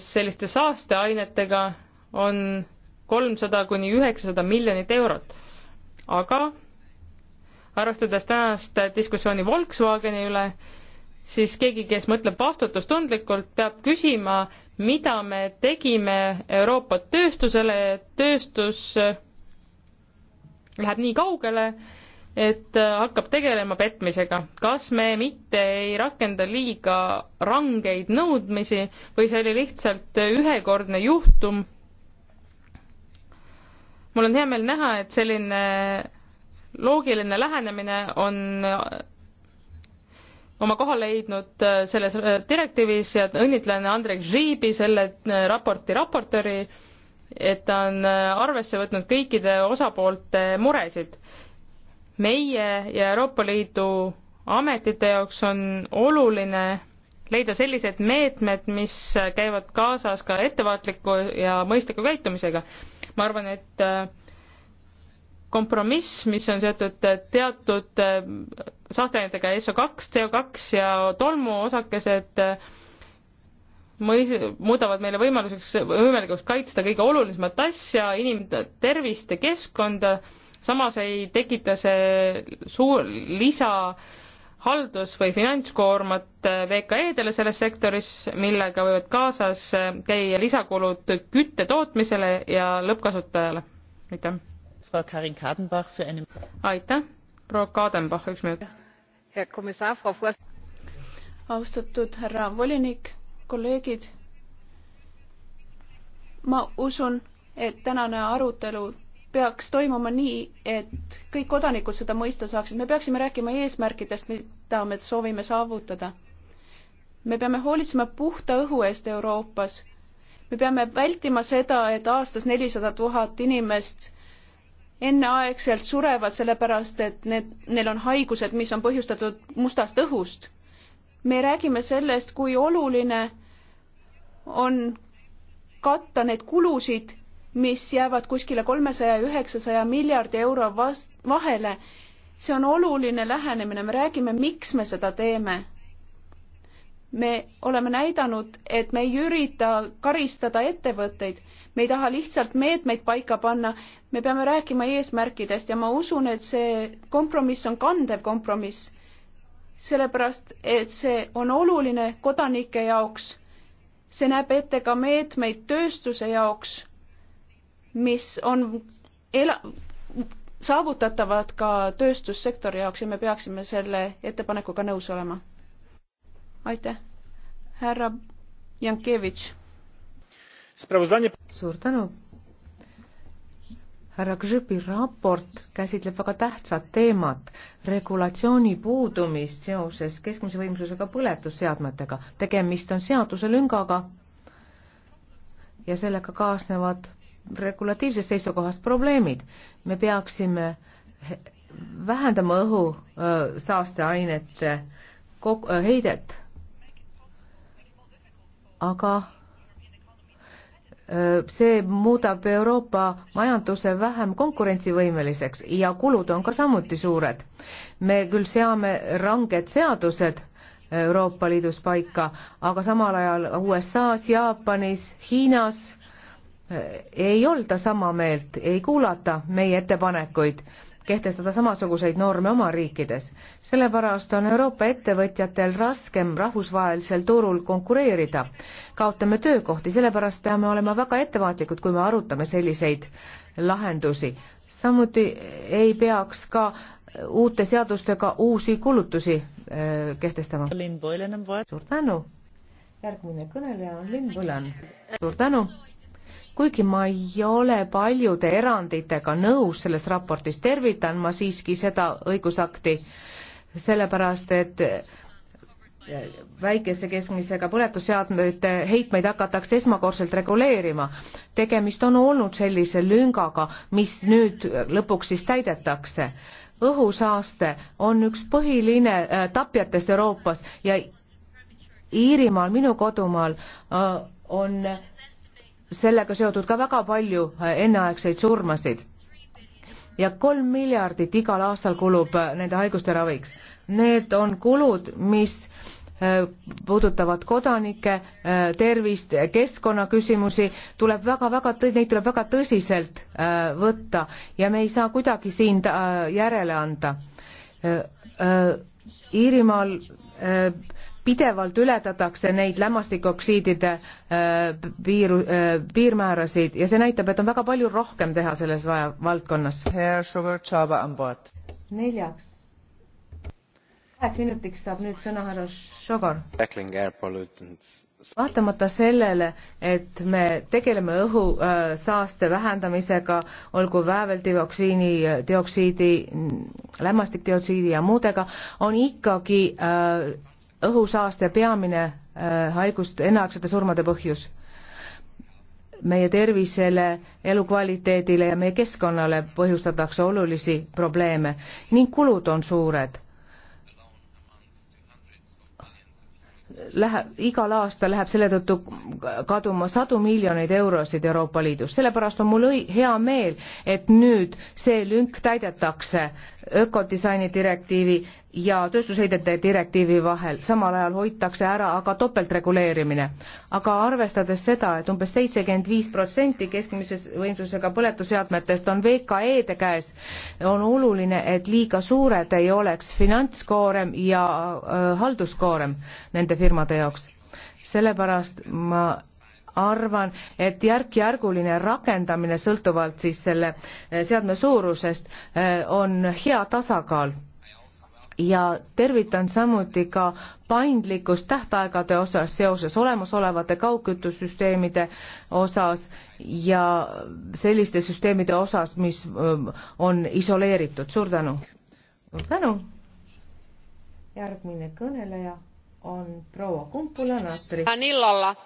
selliste saasteainetega, on kolmsada kuni üheksasada miljonit eurot. aga arvestades tänast diskussiooni Volkswageni üle, siis keegi, kes mõtleb vastutustundlikult, peab küsima, mida me tegime Euroopa tööstusele, tööstus läheb nii kaugele, et äh, hakkab tegelema petmisega. kas me mitte ei rakenda liiga rangeid nõudmisi või see oli lihtsalt äh, ühekordne juhtum? mul on hea meel näha, et selline loogiline lähenemine on äh, oma koha leidnud selles direktiivis ja õnnitlen Andrek Žiibi, selle raporti raportööri, et ta on arvesse võtnud kõikide osapoolte muresid meie ja Euroopa Liidu ametite jaoks on oluline leida sellised meetmed, mis käivad kaasas ka ettevaatliku ja mõistliku käitumisega. ma arvan, et äh, kompromiss, mis on seotud äh, teatud äh, saasteainetega SO2, CO2 ja tolmuosakesed, mõis-, muudavad meile võimaluseks, võimalikuks kaitsta kõige olulisemat asja, inimtervist ja keskkonda samas ei tekita see suur lisa haldus- või finantskoormat VKE-dele selles sektoris, millega võivad kaasas käia lisakulud kütte tootmisele ja lõppkasutajale. aitäh. aitäh, proua Kadenbach, üks minut. austatud härra volinik, kolleegid, ma usun, et tänane arutelu peaks toimuma nii, et kõik kodanikud seda mõista saaksid. me peaksime rääkima eesmärkidest, mida me soovime saavutada. me peame hoolitsema puhta õhu eest Euroopas. me peame vältima seda, et aastas nelisada tuhat inimest enneaegselt surevad, sellepärast et need, neil on haigused, mis on põhjustatud mustast õhust. me räägime sellest, kui oluline on katta neid kulusid mis jäävad kuskile kolmesaja ja üheksasaja miljardi euro vast-, vahele. see on oluline lähenemine, me räägime, miks me seda teeme. me oleme näidanud, et me ei ürita karistada ettevõtteid, me ei taha lihtsalt meetmeid paika panna, me peame rääkima eesmärkidest ja ma usun, et see kompromiss on kandev kompromiss, sellepärast et see on oluline kodanike jaoks, see näeb ette ka meetmeid tööstuse jaoks mis on ela-, saavutatavad ka tööstussektori jaoks ja me peaksime selle ettepanekuga nõus olema. aitäh, härra Jankevitš. suur tänu. härra Gžõbi raport käsitleb väga tähtsat teemat, regulatsiooni puudumist seoses keskmise võimsusega põletusseadmetega. tegemist on seaduselüngaga ja sellega kaasnevad regulatiivsest seisukohast probleemid. me peaksime vähendama õhu saasteainete heidet, aga see muudab Euroopa majanduse vähem konkurentsivõimeliseks ja kulud on ka samuti suured. me küll seame ranged seadused Euroopa Liidus paika, aga samal ajal USA-s, Jaapanis, Hiinas ei olda sama meelt, ei kuulata meie ettepanekuid kehtestada samasuguseid norme oma riikides. sellepärast on Euroopa ettevõtjatel raskem rahvusvahelisel turul konkureerida. kaotame töökohti, sellepärast peame olema väga ettevaatlikud, kui me arutame selliseid lahendusi. samuti ei peaks ka uute seadustega uusi kulutusi äh, kehtestama. suur tänu. järgmine kõneleja on Lynn Põlen. suur tänu kuigi ma ei ole paljude eranditega nõus selles raportis, tervitan ma siiski seda õigusakti, sellepärast et äh, väikese keskmisega põletusseadmete heitmeid hakatakse esmakordselt reguleerima. tegemist on olnud sellise lüngaga, mis nüüd lõpuks siis täidetakse. õhusaaste on üks põhiline äh, tapjatest Euroopas ja Iirimaal, minu kodumaal, äh, on sellega seotud ka väga palju äh, enneaegseid surmasid ja kolm miljardit igal aastal kulub äh, nende haiguste raviks. Need on kulud, mis äh, puudutavad kodanike tervist, keskkonnaküsimusi, tuleb väga-väga, neid tuleb väga tõsiselt võtta ja me ei saa kuidagi siin järele anda. Iirimaal pidevalt ületatakse neid lämmastikoksiidide äh, piir, äh, piirmäärasid ja see näitab, et on väga palju rohkem teha selles vaja, valdkonnas. neljaks. kaheks minutiks saab nüüd sõna härra Šogor. vaatamata sellele, et me tegeleme õhusaaste äh, vähendamisega, olgu vääveldioksiini, dioksiidi, lämmastikdioksiidi ja muudega, on ikkagi äh, õhusaaste peamine äh, haigust, enneaegsete surmade põhjus meie tervisele, elukvaliteedile ja meie keskkonnale põhjustatakse olulisi probleeme ning kulud on suured läheb, igal aastal läheb selle tõttu kaduma sadu miljoneid eurosid Euroopa Liidus, sellepärast on mul õi-, hea meel, et nüüd see lünk täidetakse ökodisaini direktiivi ja tööstusheidete direktiivi vahel, samal ajal hoitakse ära aga topeltreguleerimine. aga arvestades seda, et umbes seitsekümmend viis protsenti keskmises võimsusega põletusseadmetest on VKE-de käes, on oluline, et liiga suured ei oleks finantskoorem ja äh, halduskoorem nende firmade firmade jaoks. sellepärast ma arvan, et järk-järguline rakendamine sõltuvalt siis selle eh, seadme suurusest eh, on hea tasakaal ja tervitan samuti ka paindlikkust tähtaegade osas seoses olemasolevate kaugkütussüsteemide osas ja selliste süsteemide osas, mis eh, on isoleeritud. suur tänu! suur tänu! järgmine kõneleja on proua Kumpula Natri. illalla.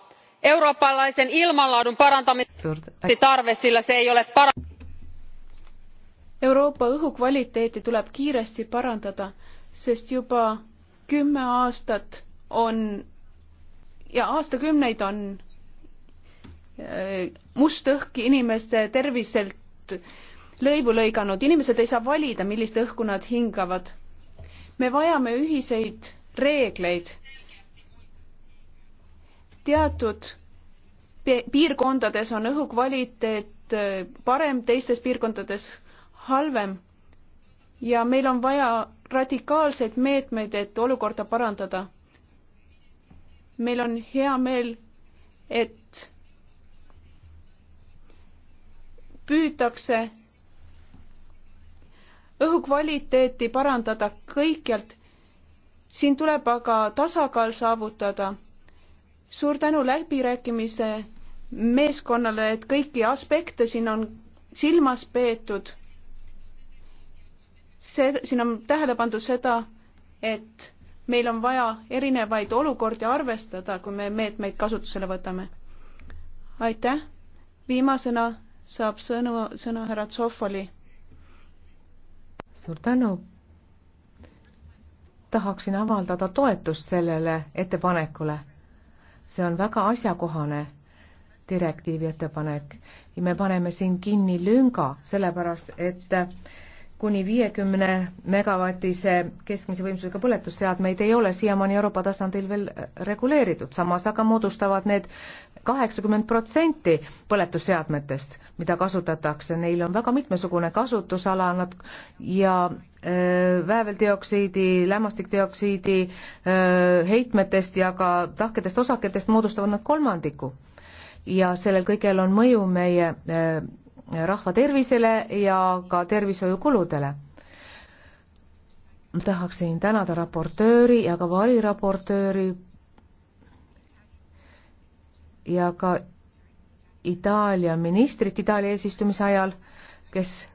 Eurooppalaisen ilmanlaadun parantamiseksi tarve, sillä se ei ole para- Euroopa õhukvaliteeti tuleb kiiresti parandada, sest juba kümme aastat on ja aastakümneid on äh, must õhk inimeste terviselt lõivu lõiganud. inimesed ei saa valida, millist õhku nad hingavad. me vajame ühiseid reegleid. teatud piirkondades on õhukvaliteet äh, parem, teistes piirkondades halvem. ja meil on vaja radikaalseid meetmeid, et olukorda parandada. meil on hea meel, et püütakse õhukvaliteeti parandada kõikjalt siin tuleb aga tasakaal saavutada. suur tänu läbirääkimise meeskonnale, et kõiki aspekte siin on silmas peetud. see, siin on tähele pandud seda, et meil on vaja erinevaid olukordi arvestada, kui me meetmeid kasutusele võtame. aitäh, viimasena saab sõnu, sõna härra Tsohvoli. suur tänu tahaksin avaldada toetust sellele ettepanekule. see on väga asjakohane direktiivi ettepanek ja me paneme siin kinni lünga, sellepärast et kuni viiekümne megavatise keskmise võimsusega põletusseadmeid ei ole siiamaani Euroopa tasandil veel reguleeritud, samas aga moodustavad need kaheksakümmend protsenti põletusseadmetest, mida kasutatakse, neil on väga mitmesugune kasutusala, nad ja väävelteoksiidi, lämmastikdioksiidi heitmetest ja ka tahkedest osaketest moodustavad nad kolmandiku. ja sellel kõigel on mõju meie rahva tervisele ja ka tervishoiukuludele. tahaksin tänada raportööri ja ka variraportööri ja ka Itaalia ministrit Itaalia eesistumise ajal, kes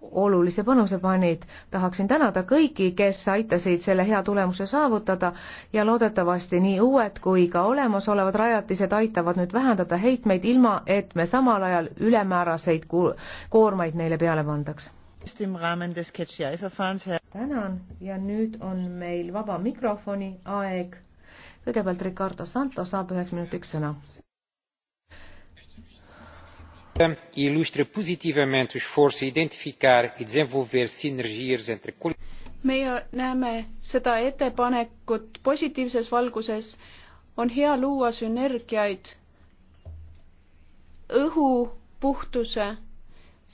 olulise panuse panid. tahaksin tänada kõiki, kes aitasid selle hea tulemuse saavutada ja loodetavasti nii uued kui ka olemasolevad rajatised aitavad nüüd vähendada heitmeid, ilma et me samal ajal ülemääraseid koormaid neile peale pandaks. tänan ja nüüd on meil vaba mikrofoni aeg kõigepealt Ricardo Santo saab üheks minutiks sõna. ilustra positiivselt esforço identificar e desenvolver sinergias entre meie näeme seda ettepanekut positiivses valguses, on hea luua sünergiaid õhupuhtuse,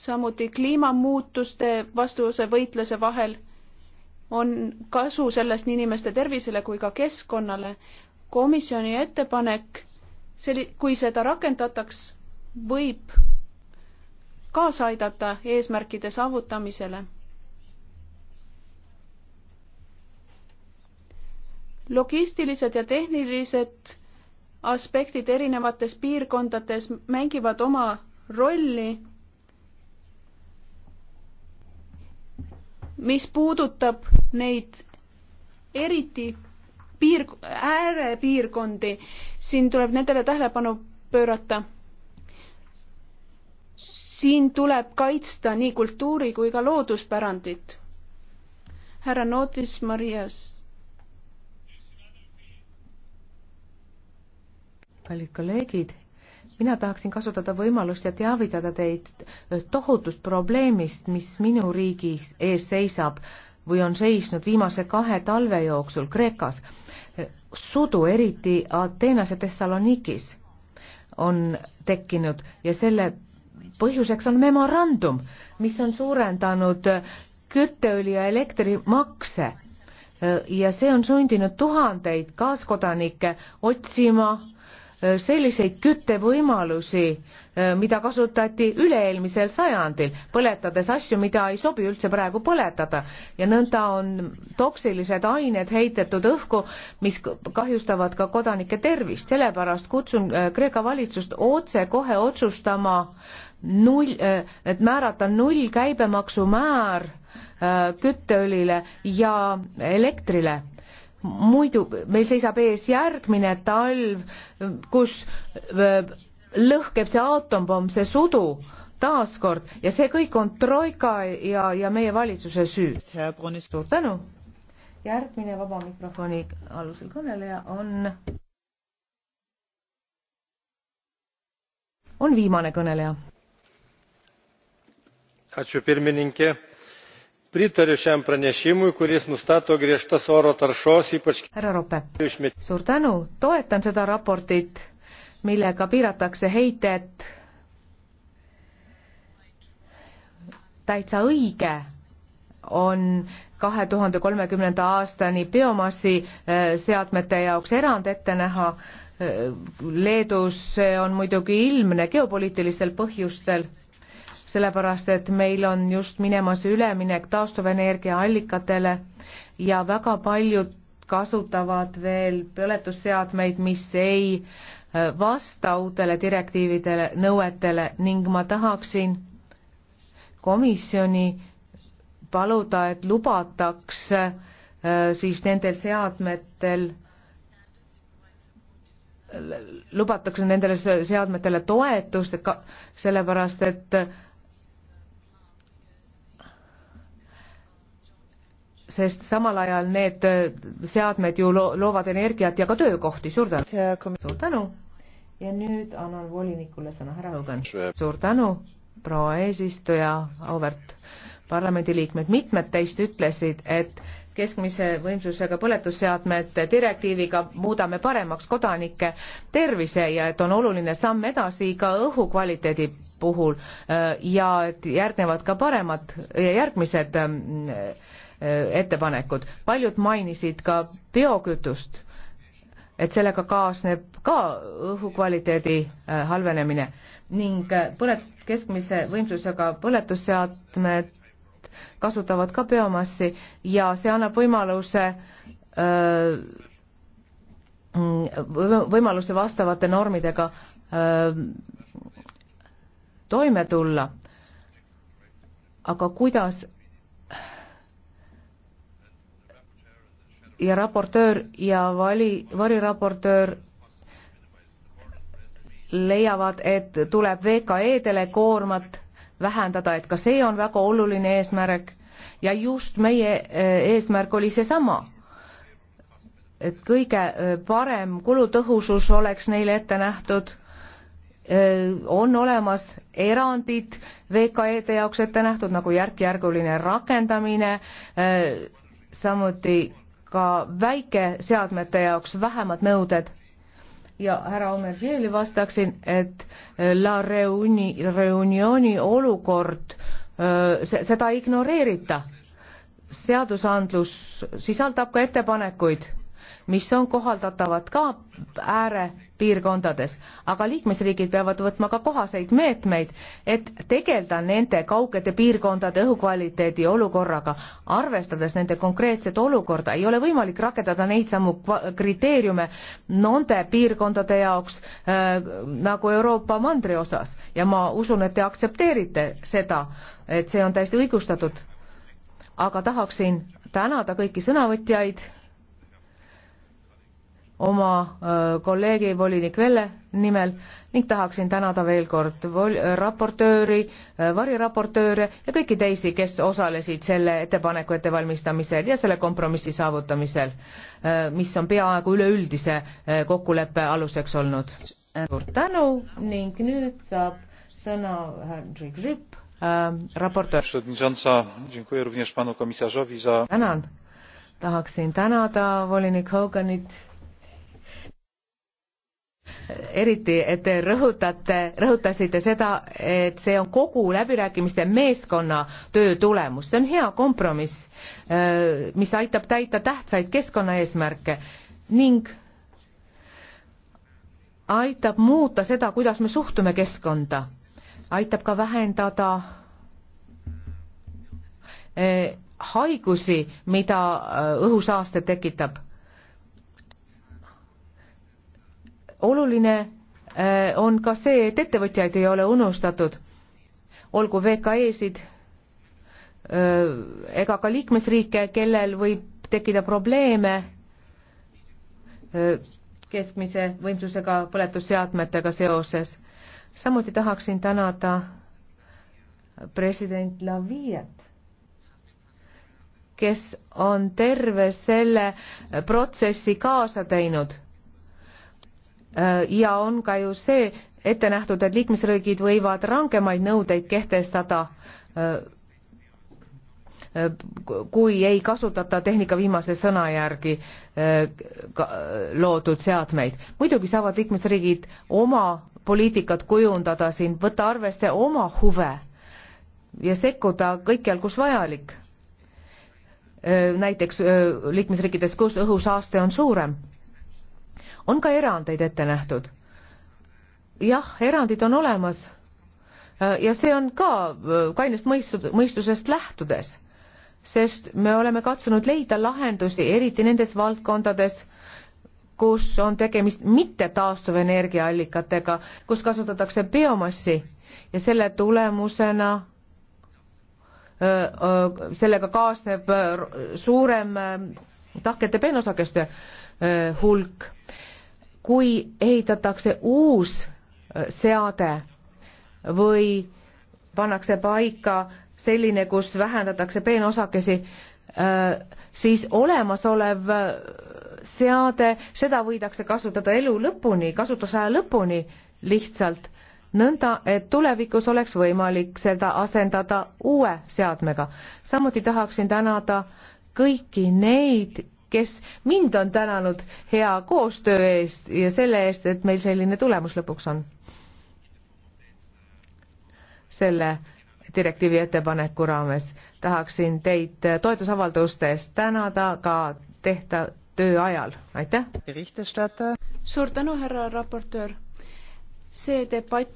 samuti kliimamuutuste vastuse võitluse vahel on kasu sellest nii inimeste tervisele kui ka keskkonnale. komisjoni ettepanek, selli-, kui seda rakendataks, võib kaasa aidata eesmärkide saavutamisele. logistilised ja tehnilised aspektid erinevates piirkondades mängivad oma rolli mis puudutab neid eriti piir, äärepiirkondi, siin tuleb nendele tähelepanu pöörata. siin tuleb kaitsta nii kultuuri kui ka looduspärandit. härra Nootis Marias. kallid kolleegid mina tahaksin kasutada võimalust ja teavitada teid tohutust probleemist, mis minu riigi ees seisab või on seisnud viimase kahe talve jooksul Kreekas. sudu, eriti Ateenas ja Thessalonikis on tekkinud ja selle põhjuseks on memorandum, mis on suurendanud kütteõli ja elektrimakse ja see on sundinud tuhandeid kaaskodanikke otsima Äh, selliseid küttevõimalusi, äh, mida kasutati üle-eelmisel sajandil, põletades asju, mida ei sobi üldse praegu põletada ja nõnda on toksilised ained heitetud õhku, mis kahjustavad ka kodanike tervist, sellepärast kutsun äh, Kreeka valitsust otsekohe otsustama null, et määrata null käibemaksumäär kütteõlile ja elektrile muidu meil seisab ees järgmine talv, kus äh, lõhkeb see aatompomm, see sudu taaskord ja see kõik on troika ja, ja meie valitsuse süü. suur tänu. järgmine vaba mikrofoni alusel kõneleja on, on viimane kõneleja. Ačiū pirmininkė pritariu šiam pranešimui kuris nustato griežtas oro taršos ypač suur tänu toetan seda raportit millega piiratakse heitet täitsa õige on kahe tuhande kolmekümnenda aastani biomassi äh, seadmete jaoks erand ette näha äh, Leedus see on muidugi ilmne geopoliitilistel põhjustel sellepärast et meil on just minemas üleminek taastuvenergia allikatele ja väga paljud kasutavad veel põletusseadmeid, mis ei äh, vasta uutele direktiividele, nõuetele ning ma tahaksin komisjoni paluda, et lubataks äh, siis nendel seadmetel, lubatakse nendele seadmetele toetust, et ka sellepärast, et sest samal ajal need äh, seadmed ju lo loovad energiat ja ka töökohti, suur tänu. suur tänu ja nüüd annan volinikule sõna, härra Hõugan. suur tänu, proua eesistuja, auväärt parlamendiliikmed, mitmed teist ütlesid, et keskmise võimsusega põletusseadmete direktiiviga muudame paremaks kodanike tervise ja et on oluline samm edasi ka õhukvaliteedi puhul äh, ja et järgnevad ka paremad, järgmised ähm, Äh, ettepanekud. paljud mainisid ka biokütust, et sellega kaasneb ka õhukvaliteedi äh, halvenemine ning äh, põlet-, keskmise võimsusega põletusseadmed kasutavad ka biomassi ja see annab võimaluse öö, võimaluse vastavate normidega öö, toime tulla. aga kuidas ja raportöör ja vali, variraportöör leiavad, et tuleb VKE-dele koormat vähendada, et ka see on väga oluline eesmärk ja just meie eh, eesmärk oli seesama, et kõige eh, parem kulutõhusus oleks neile ette nähtud, eh, on olemas erandid VKE-de jaoks ette nähtud, nagu järk-järguline rakendamine, samuti ka väikeseadmete jaoks vähemad nõuded. ja härra Omerjeeli vastaksin, et äh, La Reuni, Reunioni olukord, äh, seda ei ignoreerita. seadusandlus sisaldab ka ettepanekuid, mis on kohaldatavad ka ääre piirkondades, aga liikmesriigid peavad võtma ka kohaseid meetmeid, et tegeleda nende kaugete piirkondade õhukvaliteedi olukorraga, arvestades nende konkreetset olukorda, ei ole võimalik rakendada neid samu kriteeriume nende piirkondade jaoks äh, nagu Euroopa mandri osas ja ma usun, et te aktsepteerite seda, et see on täiesti õigustatud. aga tahaksin tänada kõiki sõnavõtjaid oma kolleegi volinik Velle nimel ning tahaksin tänada veel kord vol-, raportööri, variraportööre ja kõiki teisi, kes osalesid selle ettepaneku ettevalmistamisel ja selle kompromissi saavutamisel, mis on peaaegu üleüldise kokkuleppe aluseks olnud. suur tänu ning nüüd saab sõna Hendrik Žüpp äh,, raportöör. tänan, tahaksin tänada volinik Hoganit eriti, et te rõhutate, rõhutasite seda, et see on kogu läbirääkimiste meeskonna töö tulemus, see on hea kompromiss, äh, mis aitab täita tähtsaid keskkonnaeesmärke ning aitab muuta seda, kuidas me suhtume keskkonda, aitab ka vähendada äh, haigusi, mida äh, õhusaaste tekitab oluline äh, on ka see, et ettevõtjaid ei ole unustatud, olgu VKE-sid äh, ega ka liikmesriike, kellel võib tekkida probleeme äh, keskmise võimsusega põletusseadmetega seoses. samuti tahaksin tänada president Laviat, kes on terve selle protsessi kaasa teinud Äh, ja on ka ju see ette nähtud, et liikmesriigid võivad rangemaid nõudeid kehtestada, äh, äh, kui ei kasutata tehnika viimase sõna järgi loodud seadmeid. muidugi saavad liikmesriigid oma poliitikat kujundada siin, võtta arvesse oma huve ja sekkuda kõikjal, kus vajalik. näiteks liikmesriikides, kus õhusaaste on suurem on ka erandeid ette nähtud. jah, erandid on olemas äh, ja see on ka äh, kainest mõistusest lähtudes, sest me oleme katsunud leida lahendusi, eriti nendes valdkondades, kus on tegemist mitte taastuvenergiaallikatega, kus kasutatakse biomassi ja selle tulemusena äh, sellega kaasneb suurem tahkete peenosakeste hulk kui ehitatakse uus äh, seade või pannakse paika selline, kus vähendatakse peenosakesi, äh, siis olemasolev äh, seade, seda võidakse kasutada elu lõpuni, kasutusaja lõpuni lihtsalt, nõnda et tulevikus oleks võimalik seda asendada uue seadmega. samuti tahaksin tänada kõiki neid kes mind on tänanud hea koostöö eest ja selle eest, et meil selline tulemus lõpuks on. selle direktiivi ettepaneku raames tahaksin teid toetusavalduste eest tänada ka tehta töö ajal, aitäh! suur tänu, härra raportöör! see debatt